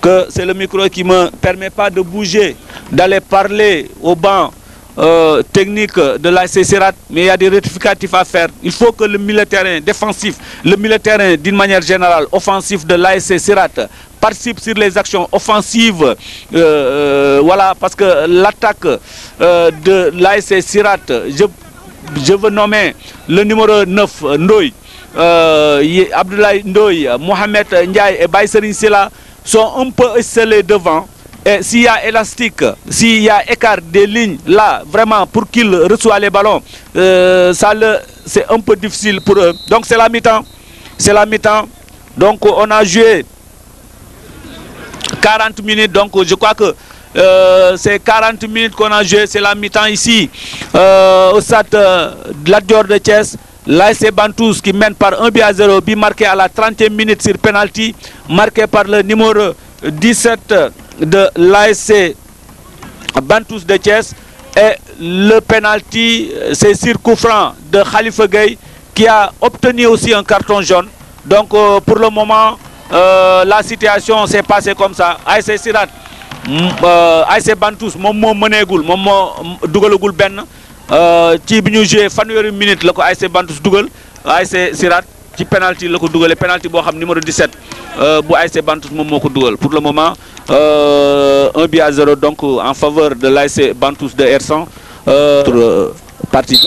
que c'est le micro qui ne me permet pas de bouger, d'aller parler au banc. Euh, technique de la Sirat mais il y a des rectificatifs à faire. Il faut que le militaire défensif, le militaire d'une manière générale, offensif de l'ASC Sirat participe sur les actions offensives. Euh, euh, voilà, parce que l'attaque de l'ASC Sirat, je, je, veux nommer le numéro 9, Ndoy, Abdoulaye Ndoy, Mohamed Ndiaye et Baïserin Sela sont un peu scellés devant s'il y a élastique, s'il y a écart des lignes là, vraiment, pour qu'il reçoivent les ballons, euh, c'est un peu difficile pour eux. Donc c'est la mi-temps. C'est la mi-temps. Donc on a joué 40 minutes. Donc je crois que euh, c'est 40 minutes qu'on a joué. C'est la mi-temps ici euh, au stade de la Dior de Thiès. c'est Bantous qui mène par 1 but à 0, but marqué à la 30e minute sur penalty, marqué par le numéro 17 de l'ASC Bantous de Thiès et le penalty, euh, c'est Sir coup de Khalifa Gueye qui a obtenu aussi un carton jaune. Donc euh, pour le moment, euh, la situation s'est passée comme ça. ASC Sirat, ASC Bantous moom Menegoul, mëneegul Dougalogoul Ben, dugalagul euh, minute la ASC Bantous Dougal, ASC Sirat pénalty penalty coup dougalé penalty pénalty xam numéro 17 euh, bu ASC Bantous moom coup pour le moment euh, un but à zéro donc en faveur de l'ASC Bantous de r euh, parti.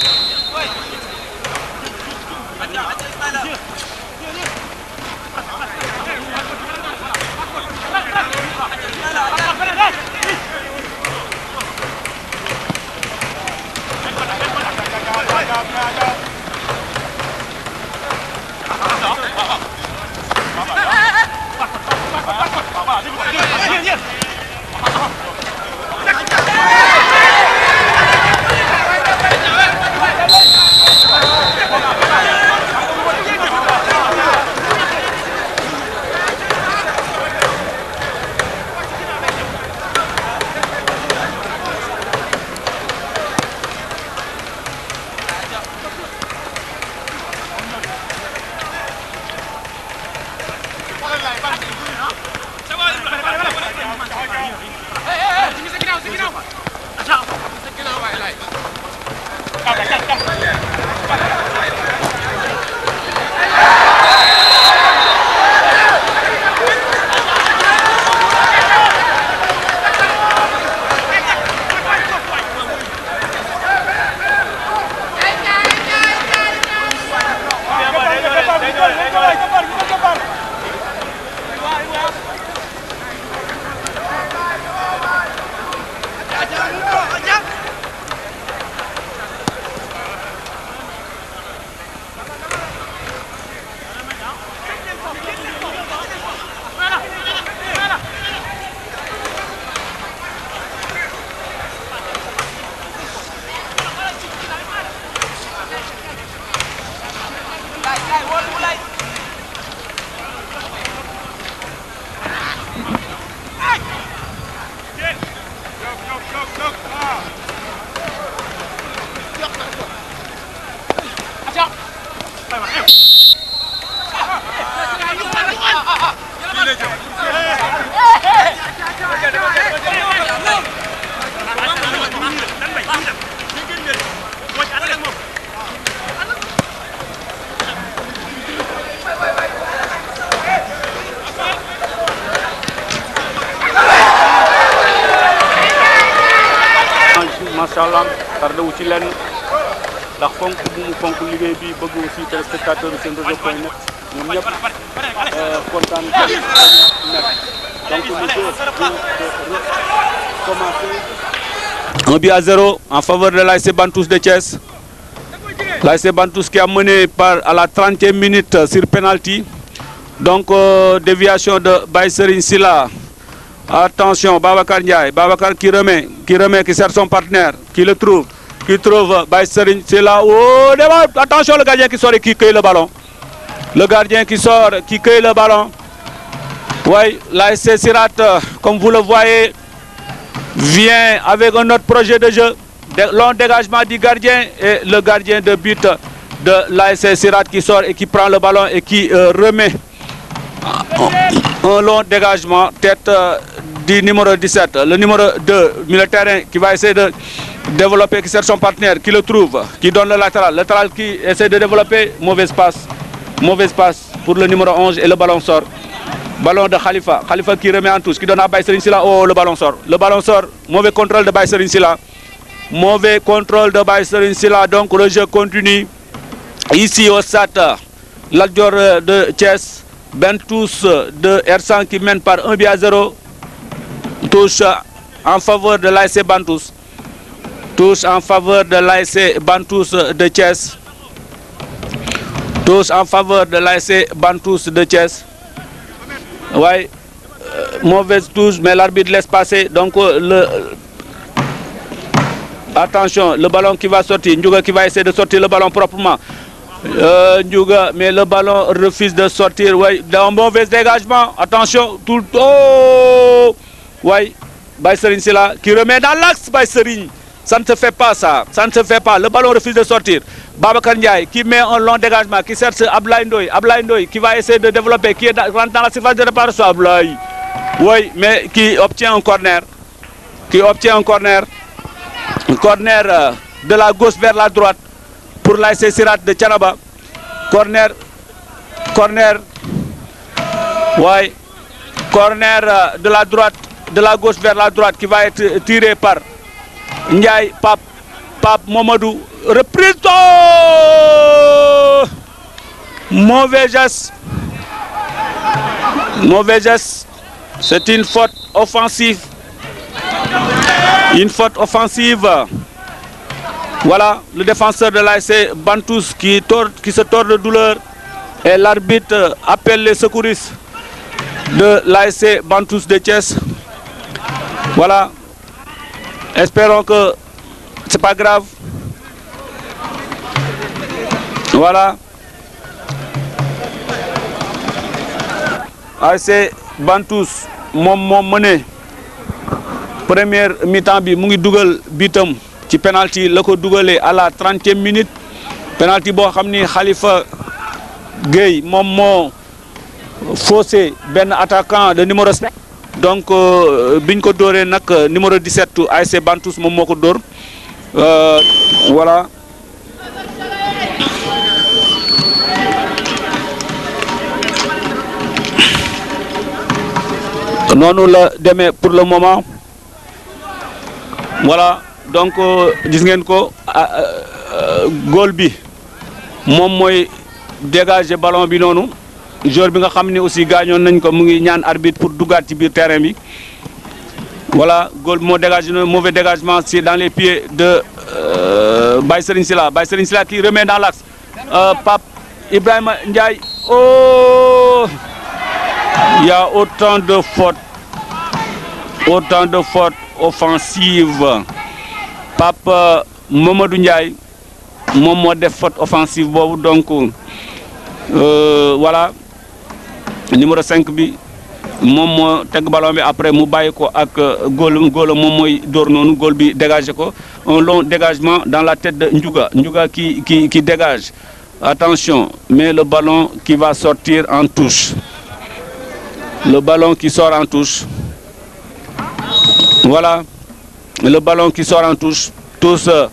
La fonk bu mu bi aussi 1 euh, à 0 en faveur de l'ASC Bantous de Thiès. L'ASC Bantous qui a mené par à la 30e minute euh, sur penalty. Donc euh, déviation de Baïserine Silla. Attention, Babacar Ndiaye. Babacar qui remet, qui remet, qui sert son partenaire, qui le trouve qui trouve Baisserin, c'est là. Oh, oh, attention, le gardien qui sort et qui cueille le ballon. Le gardien qui sort, qui cueille le ballon. Oui, l'ASC Sirat, euh, comme vous le voyez, vient avec un autre projet de jeu. Long dégagement du gardien et le gardien de but de l'ASC Sirat qui sort et qui prend le ballon et qui euh, remet un long dégagement tête euh, du numéro 17. Le numéro 2, militaire qui va essayer de développer, qui cherche son partenaire, qui le trouve, qui donne le latéral. Le latéral qui essaie de développer, mauvais espace. Mauvais passe pour le numéro 11 et le ballon sort. Ballon de Khalifa. Khalifa qui remet en touche, qui donne à Baïserin Silla. Oh, le ballon sort. Le ballon sort. Mauvais contrôle de Baïserin Silla. Mauvais contrôle de Baïserin Silla. Donc le jeu continue. Ici au SAT, l'acteur de Chess, Bentous de Ersan qui mène par 1 à 0. Touche en faveur de l'AC Bantous. Tous en faveur de l'IC, Bantous de chess. Tous en faveur de l'ASC Bantous de chess. Ouais, euh, mauvaise touche, mais l'arbitre laisse passer. Donc, euh, le, euh, attention, le ballon qui va sortir. Ndjouga qui va essayer de sortir le ballon proprement. Euh, mais le ballon refuse de sortir. Ouais, un mauvais dégagement. Attention, tout le oh! temps. Ouais, c'est là. Qui remet dans l'axe, Baïserine. Ça ne se fait pas ça. Ça ne se fait pas. Le ballon refuse de sortir. Baba Ndiaye qui met un long dégagement, qui cherche Ablaï Ndoy. qui va essayer de développer, qui est dans, la surface de réparation. Oui, mais qui obtient un corner. Qui obtient un corner. Un corner euh, de la gauche vers la droite pour laisser Sirat de Tchanaba. Corner. Corner. Oui. Corner euh, de la droite, de la gauche vers la droite qui va être tiré par Ndiaye Pape Pape Mamadou reprise mauvais geste mauvais geste c'est une faute offensive une faute offensive voilà le défenseur de l'ASC Bantous qui, qui se tord de douleur et l'arbitre appelle les secouristes de l'ASC Bantous de Thiès voilà Espérons que c'est pas grave. Voilà. Ah, c'est Bantous mon mon mené première mi-temps bi mu ngi dugal bitam ci penalty la à la 30e minute penalty bo xamni Khalifa Gueye mon mon faussé ben attaquant de numéro 7 donc euh, biñ ko dóoree nag euh, numéro 17 ASC Bantous moom moo ko dóor euh, voilà. noonu la demee pour le moment wala donc gis ngeen ko ah, ah, góol bi moom mooy dégager balon bi noonu. joueur bi nga aussi gañon nañ ko arbitre pour duggaat ci biir terrain voilà le mauvais dégagement c'est dans les pieds de euh, Baye Serigne Sila Baye qui remet dans l'axe euh, Pape Ibrahim Ndiaye oh il y a autant de fautes autant de fautes offensives Pape euh, Mamadou Ndiaye mom mo def faute offensive offensives. donc voilà numéro 5 bi mom mo tag ballon bi après mu bayiko ko ak gol euh, goal mom moy dor nonu gol bi dégagé ko un long dégagement dans la tête de Ndiouga Ndiouga qui qui qui dégage attention mais le ballon qui va sortir en touche le ballon qui sort en touche voilà le ballon qui sort en touche tous euh,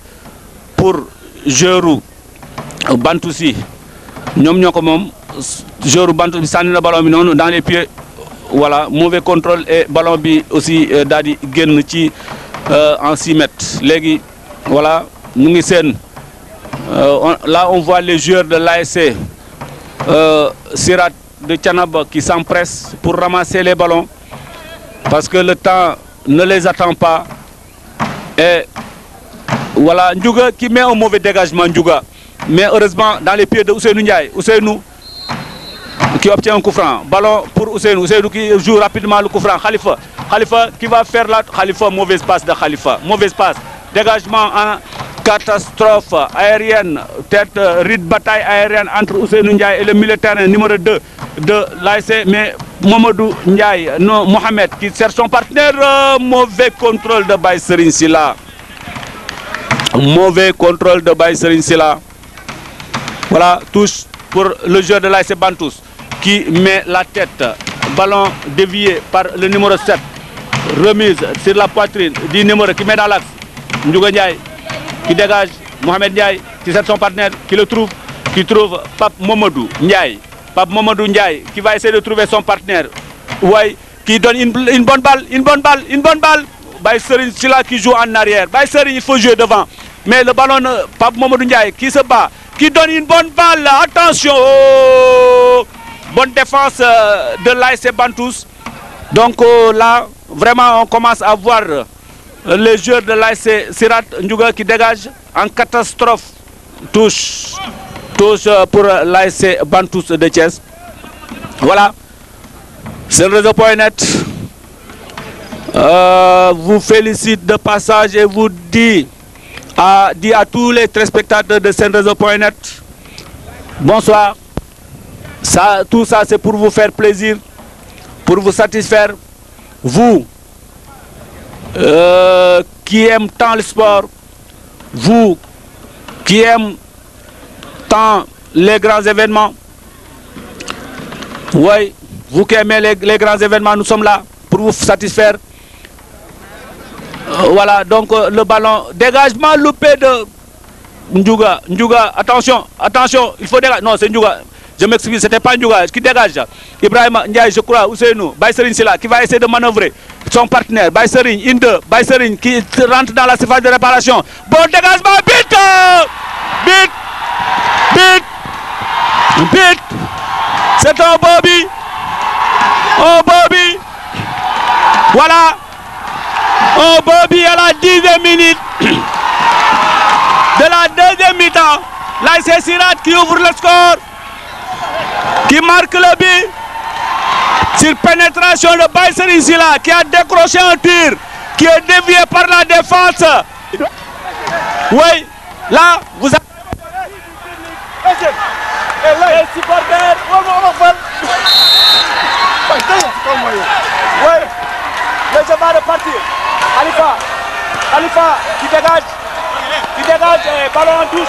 pour Jérou Bantoussi ñom ñoko mom joueur bant bi le ballon dans les pieds voilà mauvais contrôle et ballon aussi euh, d'Adi Guen euh, en 6 mètres Légui, voilà nous euh, là on voit les joueurs de l'ASC Sirat de Tchanaba qui s'empresse pour ramasser les ballons parce que le temps ne les attend pas et voilà Ndjouga qui met un mauvais dégagement Ndjouga. mais heureusement dans les pieds de Ousseynou Ndiaye Ousseynou qui obtient un coup franc. Ballon pour Hussein. Oussein qui joue rapidement le coup franc. Khalifa. Khalifa qui va faire la... Khalifa, mauvaise passe de Khalifa. Mauvaise passe. Dégagement en catastrophe aérienne. Tête, euh, rite bataille aérienne entre Hussein Ndiaye et le militaire numéro 2 de l'AIC. Mais Mamadou Ndiaye, non, Mohamed qui cherche son partenaire. Euh, mauvais contrôle de Baïserin Silla. Mauvais contrôle de Baïserin Silla. Voilà, touche pour le jeu de l'AIC Bantous qui met la tête. Ballon dévié par le numéro 7. Remise sur la poitrine du numéro qui met dans l'axe. qui dégage. Mohamed Ndiaye qui cède son partenaire, qui le trouve. Qui trouve Pape Momodou Ndiaye. Pape Momodou Ndiaye qui va essayer de trouver son partenaire. qui donne une, bonne balle, une bonne balle, une bonne balle. Baye c'est là qui joue en arrière. Baye il faut jouer devant. Mais le ballon, euh, Pape Momodou Ndiaye qui se bat, qui donne une bonne balle. Attention oh! bonne défense euh, de l'IC Bantous. Donc euh, là, vraiment, on commence à voir euh, les joueurs de l'IC Sirat Ndjouga qui dégage en catastrophe. Touche, touche pour l'IC Bantous de Thiès. Voilà, c'est le réseau.net. vous félicite de passage et vous dit à, dit à tous les spectateurs de Saint-Réseau.net bonsoir tout ça, c'est pour vous faire plaisir, pour vous satisfaire. Vous, euh, qui aime tant le sport, vous qui aime tant les grands événements, oui, vous qui aimez les, grands événements, nous sommes là pour vous satisfaire. Euh, voilà, donc euh, le ballon, dégagement loupé de Ndjouga, Ndjouga, attention, attention, il faut dégager, non c'est Ndjouga, je m'excuse, c'était pas Ndjouga qui dégage. Ibrahim Ndiaye, je crois, Ousseinou, c'est là, qui va essayer de manœuvrer son partenaire. Baïserine, Inde, Baïserine qui rentre dans la surface de réparation. Bon dégagement, but But But But C'est un Bobby Un Bobby Voilà Un Bobby à la 10e minute de la deuxième mi-temps. c'est qui ouvre le score qui marque le but. Sur pénétration de ici là, qui a décroché un tir qui est dévié par la défense. Oui, là, vous avez... Oui, le jeu va repartir. Alifa, Alifa, qui dégage, qui dégage, ballon en douce.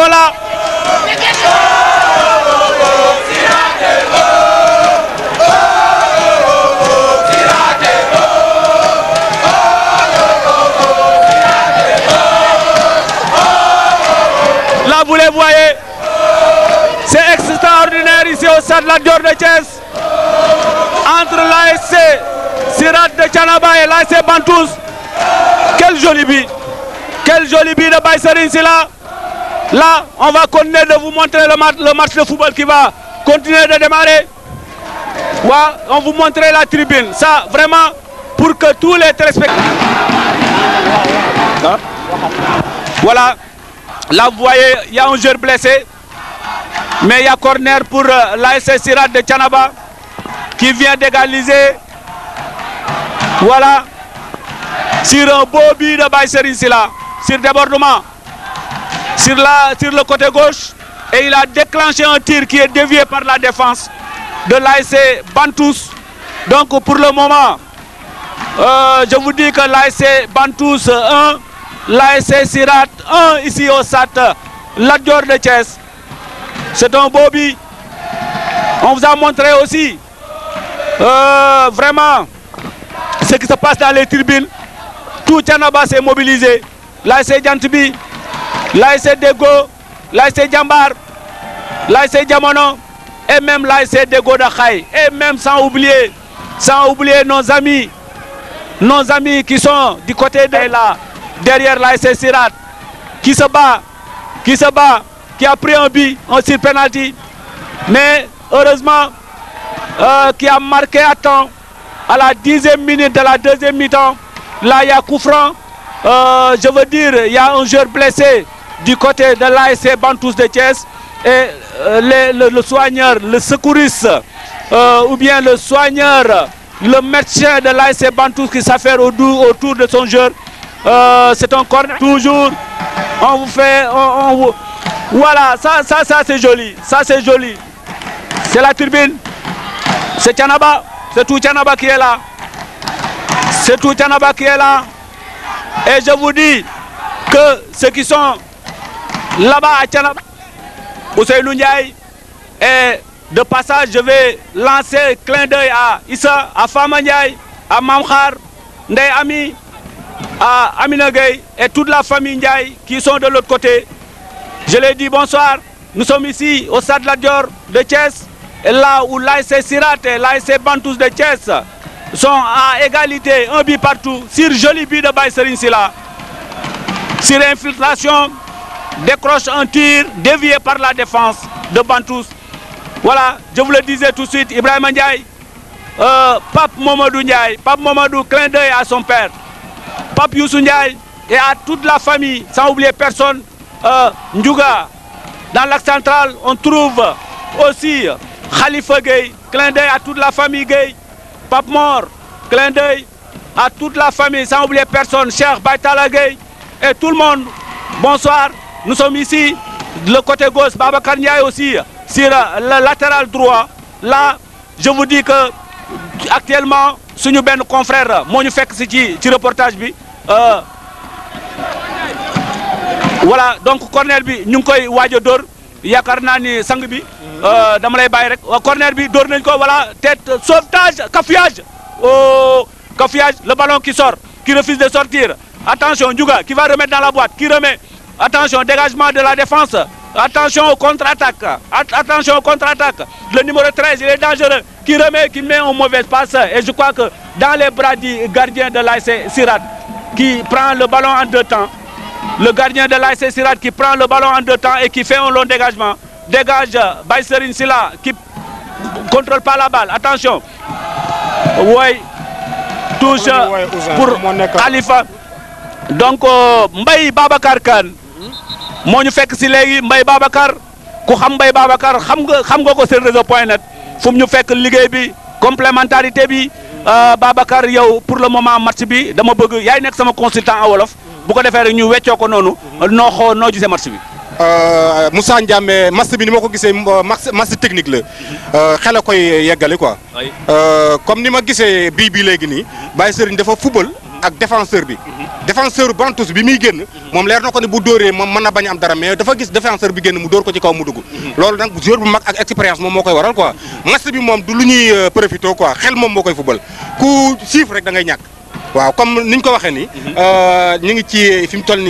là vous les voyez. C'est extraordinaire ici au sein de la Dior de Thiès. Entre l'ASC, Sirat de Tchanaba et l'ASC Bantous. Quel joli but. Quel joli but de Baïserine, c'est là. Là, on va continuer de vous montrer le match, le de football qui va continuer de démarrer. Voilà, on vous montrer la tribune. Ça, vraiment, pour que tous les téléspectateurs... Hein? Voilà. Là, vous voyez, il y a un joueur blessé. Mais il y a corner pour euh, la SSIRA de Tchanaba qui vient d'égaliser. Voilà. Sur un beau but de ici, là, sur débordement sur, le côté gauche et il a déclenché un tir qui est dévié par la défense de l'ASC Bantous. Donc pour le moment, euh, je vous dis que l'ASC Bantous 1, l'ASC Sirat 1 ici au SAT, l'Adjor de Thiès. C'est un bobby. On vous a montré aussi euh, vraiment ce qui se passe dans les tribunes. Tout Tchanaba s'est mobilisé. L'ASC Djantibi l'ASC Dego l'ASC Jambar l'ASC Jamono, et même l'ASC Dego d'Akhaï et même sans oublier sans oublier nos amis nos amis qui sont du côté de derrière l'ASC Sirat qui se bat qui se bat qui a pris un but un sur mais heureusement euh, qui a marqué à temps à la dixième minute de la deuxième mi-temps là il y a coup euh, je veux dire il y a un joueur blessé du côté de l'ASC Bantous de Thiès et euh, le, soigneur, le secouriste euh, ou bien le soigneur, le médecin de l'ASC Bantous qui s'affaire au autour de son jeu. Euh, c'est encore, Toujours, on vous fait... On, Voilà, ça, ça, ça c'est joli. Ça c'est joli. C'est la turbine. C'est Tianaba. C'est tout Tianaba qui est là. C'est tout Tianaba qui est là. Et je vous dis que ceux qui sont là-bas à Tchanab, c'est Ndiaye. Et de passage, je vais lancer un clin d'œil à Issa, à Fama Ndiaye, à Mamkhar, Ndeye Ami, à Amina Gueye et toute la famille Ndiaye qui sont de l'autre côté. Je leur dis bonsoir. Nous sommes ici au Stade Ladior de Thiès, là où l'AIC Sirat et l'AIC Bantous de Thiès sont à égalité, un but partout, sur joli but de ici Sila. Sur infiltration décroche un tir dévié par la défense de Bantous. Voilà, je vous le disais tout de suite, Ibrahim Ndiaye, euh, Pape Mamadou Ndiaye, Pape Mamadou, clin d'œil à son père, Pape Youssou Ndiaye et à toute la famille, sans oublier personne, euh, Dans l'axe central, on trouve aussi Khalifa Gueye, clin d'œil à toute la famille gay Pape mort clin d'œil à toute la famille, sans oublier personne, cher Baitala Gueye et tout le monde. Bonsoir. Nous sommes ici, le côté gauche, Babacar Ndiaye aussi, sur euh, le latéral droit. Là, je vous dis que actuellement, suñu benn confrère confrères. fait fekk ci reportage bi euh, voilà donc corner bi ñu ngi Il y a dóor yaakaar qui ni bi euh, dama lay corner voilà tête sauvetage cafouillage oh le ballon qui sort qui refuse de sortir attention Djuga, qui va remettre dans la boîte qui remet Attention, dégagement de la défense. Attention au contre-attaque. attention au contre-attaque. Le numéro 13, il est dangereux. Qui remet, qui met un mauvais passe. Et je crois que dans les bras du gardien de l'AC Sirat qui prend le ballon en deux temps. Le gardien de l'AC Sirat qui prend le ballon en deux temps et qui fait un long dégagement. Dégage Baiserin Silla qui contrôle pas la balle. Attention. Oui. Touche pour Khalifa. Donc, euh, Mbaye Mbaye Babakarkan. moo ñu fekk si léegi mbay Babacar ku xam mbay Babacar xam nga xam nga ko seen réseau point net fu ñu fekk liggéey bi complémentarité bi euh, Babacar yow pour le moment match bi dama bëgg yaay nekk sama consultant en wolof bu ko defee rek ñu weccoo ko noonu noo xoo noo gisee match bi. Euh, Moussa Ndiame match bi ni ma ko gisee match match technique la euh, xel a koy yeggale quoi. comme ni ma gisee bii bi léegi nii Baye Serigne dafa fubal ak défenseur bi défenseur Brantus bi muy génn moom leer na ko ne bu dóoree moom mën na bañ am dara mais dafa gis défenseur bi génn mu dóor ko ci kaw mu dugg loolu nag joueur bu mag ak expérience moom moo koy waral quoi match bi moom du lu ñuy euh, profité quoi xel moom moo koy fubal ku siif rek da ngay comme nous ko dit, nous sommes ngi ci fi de toll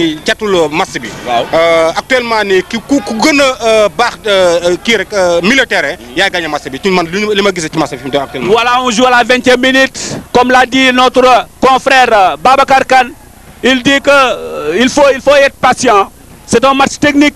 euh, actuellement le ki ku ku a euh, euh, mhm. gagné match bi ci man que ma ci match bi actuellement. voilà on joue à la 20 20e minute. comme l'a dit notre confrère Babacar Karkan, il dit qu'il faut il faut être patient. c'est un match technique.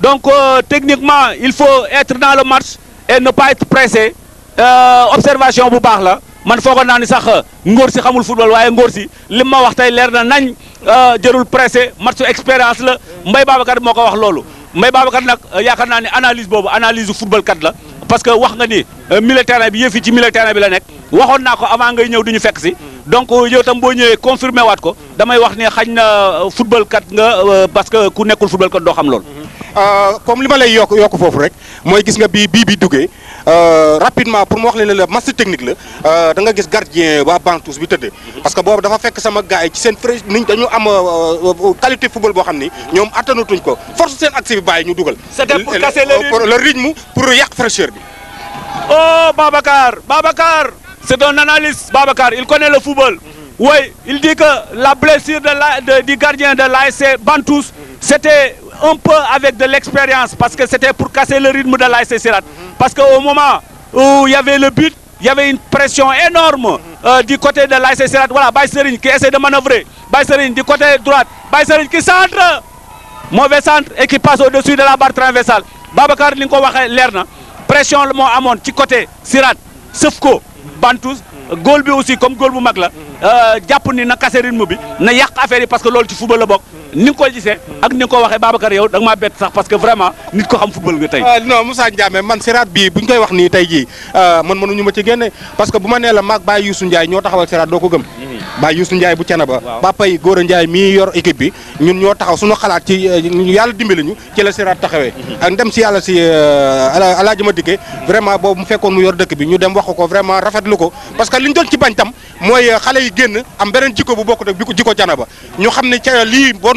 Donc techniquement, il faut être dans le match et ne pas être pressé. Euh, observation vous parlez. man foogoon naa ni sax euh, ngoor si xamul football waaye ngóor si lim ma wax tey leer na nañ euh, jërul pressé match su expérience la Mbaye Babacar moo ko wax loolu Mbaye Babacar nag euh, yaakaar naa ne analise boobu analyse u football kat la parce que wax nga ni milieu terrain bi yëf ci milieu terrain bi la nekk waxoon naa ko avant ngay ñëw du ñu fekk si donc yow tam boo ñëwee confirmé waat ko damay wax ne xañ na football kat nga parce que ku nekkul football kat doo xam loolu Euh, comme li ma lay yokk yokk foofu rek moy gis nga bi bi bi duggee euh, rapidement pour mu wax la masse technique la euh, da nga gis gardien wa Bantous bi teudé parce que boobu dafa fekk sama gaay ci sen frais niñ dañu am qualité football bo xamni ñom ñoom ko force sen accès bi bàyyi ñu dougal c'était pour casser le rythme pour yàq fraîcheur bi. oh Babacar Babacar. c'est un analyste Babacar il connaît le football. Oui, il dit que la blessure de la, de, du gardien de l'ASC Bantous, c'était un peu avec de l'expérience parce que c'était pour casser le rythme de l'ICC Sirat. Parce qu'au moment où il y avait le but, il y avait une pression énorme euh, du côté de l'ICC, Voilà, Baïserine qui essaie de manœuvrer. Baïserine du côté droite. Baïserine qui centre. Mauvais centre et qui passe au-dessus de la barre transversale. Babacar Linko Lerna. Pression le mot amont du côté Sirat. Sufko. Bantous. Goal aussi comme goal Magla, Magla la. cassé euh, ni na rythme bi na yak affaire parce que l'autre ci football le bon. ni nga ko gisee ak ni nga ko waxee Babacar yow dag ma bét sax parce que vraiment nit ko xam football nga tey ah, non Moussa ndiamé man siraat bi buñ koy wax ni tay ji euh ah, man mënu ñuma ci génné parce que buma né la mak Baye Youssou Ndiaye ño taxawal siraat doo ko gëm mhm. Baye Youssou Ndiaye bu cene ba papa yi Gora Ndiaye mii yor équipe bi ñun ño taxaw suñu xalaat ci eh, yalla dimbali ñu ci la siraat taxawé mhm. ak ndem si yàlla si eh, alaaji ma dikkee vraiment boobu mu fekkon mu yor dëkk bi ñu dem wax ko vraiment rafetlu ko parce que liñ doon ci bañ tam moy eh, xalé yi génn am bénen jikko bu bokk te jikko cene ba ñu ci li lii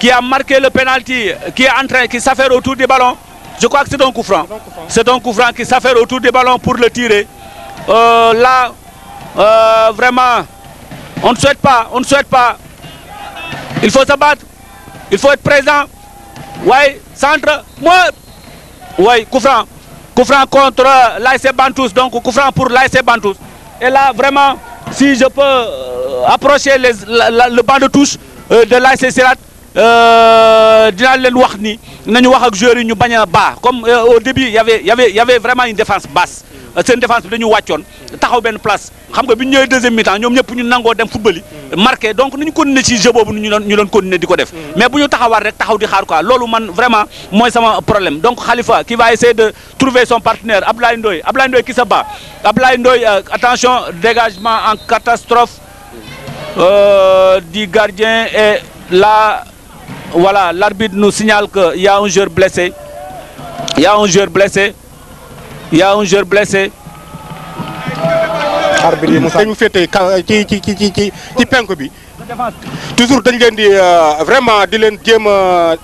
qui a marqué le pénalty... qui est en train, qui s'affaire autour du ballon. Je crois que c'est donc coup C'est donc coup qui s'affaire autour du ballon pour le tirer. Euh, là, euh, vraiment, on ne souhaite pas, on ne souhaite pas. Il faut se battre, il faut être présent. Oui, centre, moi. Oui, coufran. franc. contre euh, l'IC Bantous, donc coup pour l'IC Bantous. Et là, vraiment, si je peux approcher le banc de touche de l'AIC euh, dinaa len wax ni nañu wax ak joueurs ñu baña ba comme euh, au début il y avait il y avait il y avait vraiment une défense basse cette euh, défense bi dañu waccion taxaw ben place xam nga bi ñu deuxième mi-temps ñom ñep ñu nango dem football yi marqué donc nañu continuer ci jeu bobu ñu ñu doon continuer diko def mais buñu ñu rek taxaw di xaar quoi lolu man vraiment moy sama problème donc Khalifa qui va essayer de trouver son partenaire Ablaye Ndoye Ablaye Ndoye qui sa ba Ablaye Ndoye attention dégagement en catastrophe du gardien et la voilà, l'arbitre nous signale qu'il y a un joueur blessé. Il y a un joueur blessé. Il y a un joueur blessé. Arbitre, nous toujours dañ leen di euh, vraiment di len jéem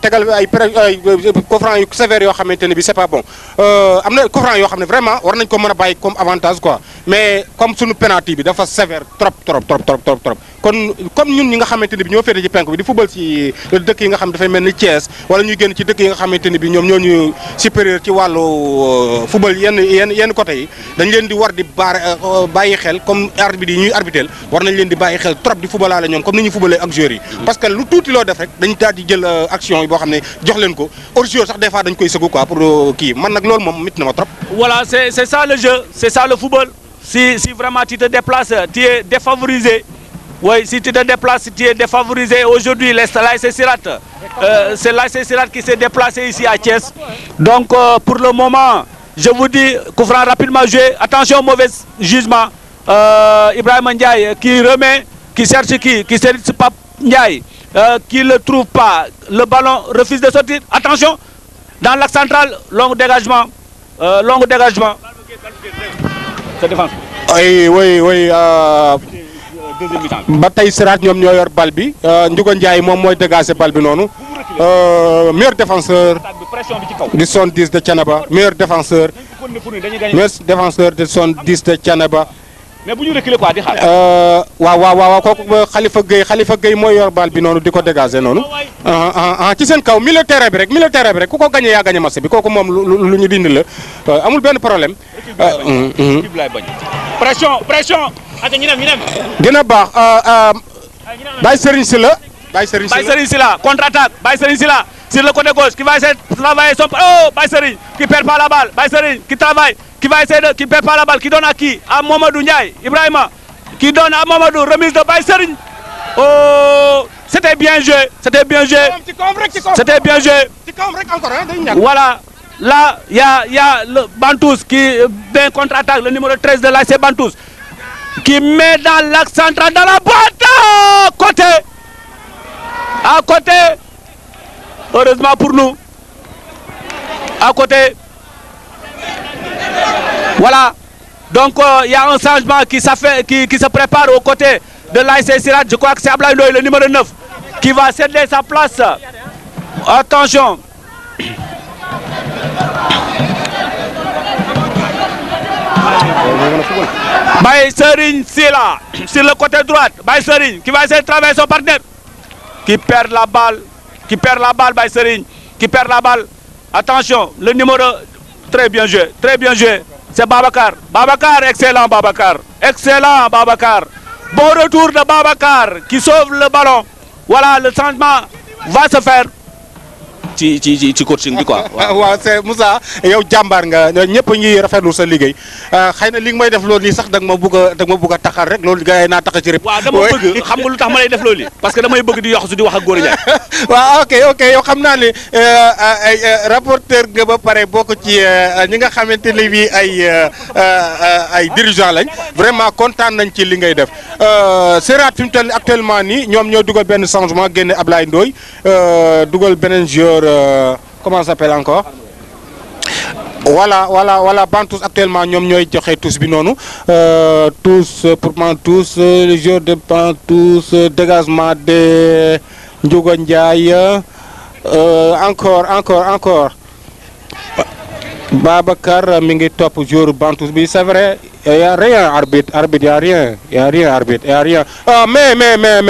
tégal ay pré euh, yu sévère yo xamante bi c'est pas bon euh amna coup yo yoo vraiment war nañ ko mëna baye comme avantage quoi mais comme suñu penalty bi dafa sévère trop trop trop trop trop trop kon comme ñun ñi nga xamante ne bi ñoo fété ci penko bi di football ci euh, dëkk yi nga xam da fay melni Thiès wala ñuy génn ci dëkk yi nga xamante ne bi ñoom ñoo supérieur ci walu football yenn yenn yenn côté yi dañ leen di war di baar bàyyi xel comme arbitre yi ñuy arbitrer war nañ leen di baye xel trop di la ñoom comme nous ñu avec ak jury... parce que tout tout loo def rek dañ daal di l'action... Euh, action jox ko ils pour qui euh, man voilà c'est ça le jeu c'est ça le football si si vraiment tu te déplaces tu es défavorisé oui, si tu te déplaces, tu es défavorisé. Aujourd'hui, l'ASC Sirat, euh, c'est l'ASC Sirat qui s'est déplacé ici à Thiès. Donc, pour le moment, je vous dis, fera rapidement jouer... Attention au mauvais jugement. Ibrahim Ndiaye qui remet qui cherche qui, qui cherche Pape Ndiaye, euh, qui ne le trouve pas, le ballon refuse de sortir. Attention, dans l'axe centrale, long dégagement, euh, long dégagement. C'est défense. Oui, oui, oui. Euh... ba tey Siraat ñoom balbi. yor bal bi euh, Ndiouga Ndiaye Balbi mooy dégager euh, meilleur défenseur du Son 10 de Tchanaba. meilleur défenseur meilleur défenseur de Son 10 de Chanaba mais bu ñu reculer quoi di xaar. Euh, waaw waaw waaw kooku xalifa Gueye Khalifa Gueye mooy yor baal bi noonu di ko dégager noonu. Ah, ah, ah, ci seen kaw milieu terrain bi rek milieu terrain bi rek ku ko gagné yaa gagné match bi kooku moom lu ñu dindi la euh, amul benn problème. Euh, mm, mm. pression pression. gën a baax Baye Serigne si la. Baye Serigne Silla contre-attaque Baye Serigne là sur le côté gauche qui va essayer de travailler son oh Baye qui perd pas la balle Baye qui travaille qui va essayer de qui perd pas la balle qui donne à qui à Mamadou Ndiaye Ibrahima qui donne à Mamadou remise de Baye oh c'était bien joué c'était bien joué c'était bien joué hein, voilà là il y a y a le Bantous qui vient euh, contre-attaque le numéro 13 de l'AC Bantous qui met dans l'axe central dans la boîte oh, côté à côté, heureusement pour nous, à côté, voilà. Donc euh, il y a un changement qui, se prépare aux côtés de l'AIC Je crois que c'est le numéro 9, qui va céder sa place. Attention. Baye c'est là, sur le côté droit. Baye qui va essayer de travailler son partenaire qui perd la balle, qui perd la balle, by qui perd la balle. Attention, le numéro, très bien joué, très bien joué. C'est Babacar. Babacar, excellent Babacar. Excellent Babacar. Bon retour de Babacar qui sauve le ballon. Voilà, le changement va se faire. ci ci ci ci coaching bi quoi. waaw c'est Moussa yow jàmbaar nga ñëpp ngi rafetlu sa liggéey euh, xëy na li nga may def loolu nii sax da nga ma bugg a da nga ma bugg a taxal rek loolu gars yi naa tax ci rëb. waaw dama bëgg xam nga lu tax ma lay def loolu li parce que damay bëgg di yox su di wax ak góor ñaar. waaw ok ok yow xam naa ne euh, euh, ay rapporteur nga ba pare bokk ci ñi nga xamante ne bii ay ay dirigeant lañ vraiment kontaan nañ ci li ngay def Serat fi mu toll actuellement nii ñoom ñoo dugal benn changement génne Ablaye Ndoye dugal beneen joueur Euh, comment s'appelle encore voilà voilà voilà Bantous actuellement nous ñooy tous bino euh, tous pour tous les jour de Bantous dégagement de Ndiouga euh, encore encore encore Babacar Mingi top jour Bantous mais c'est vrai Il n'y a rien arbitre arbitre il a rien y a rien arbitre n'y a rien ah, mais mais mais mais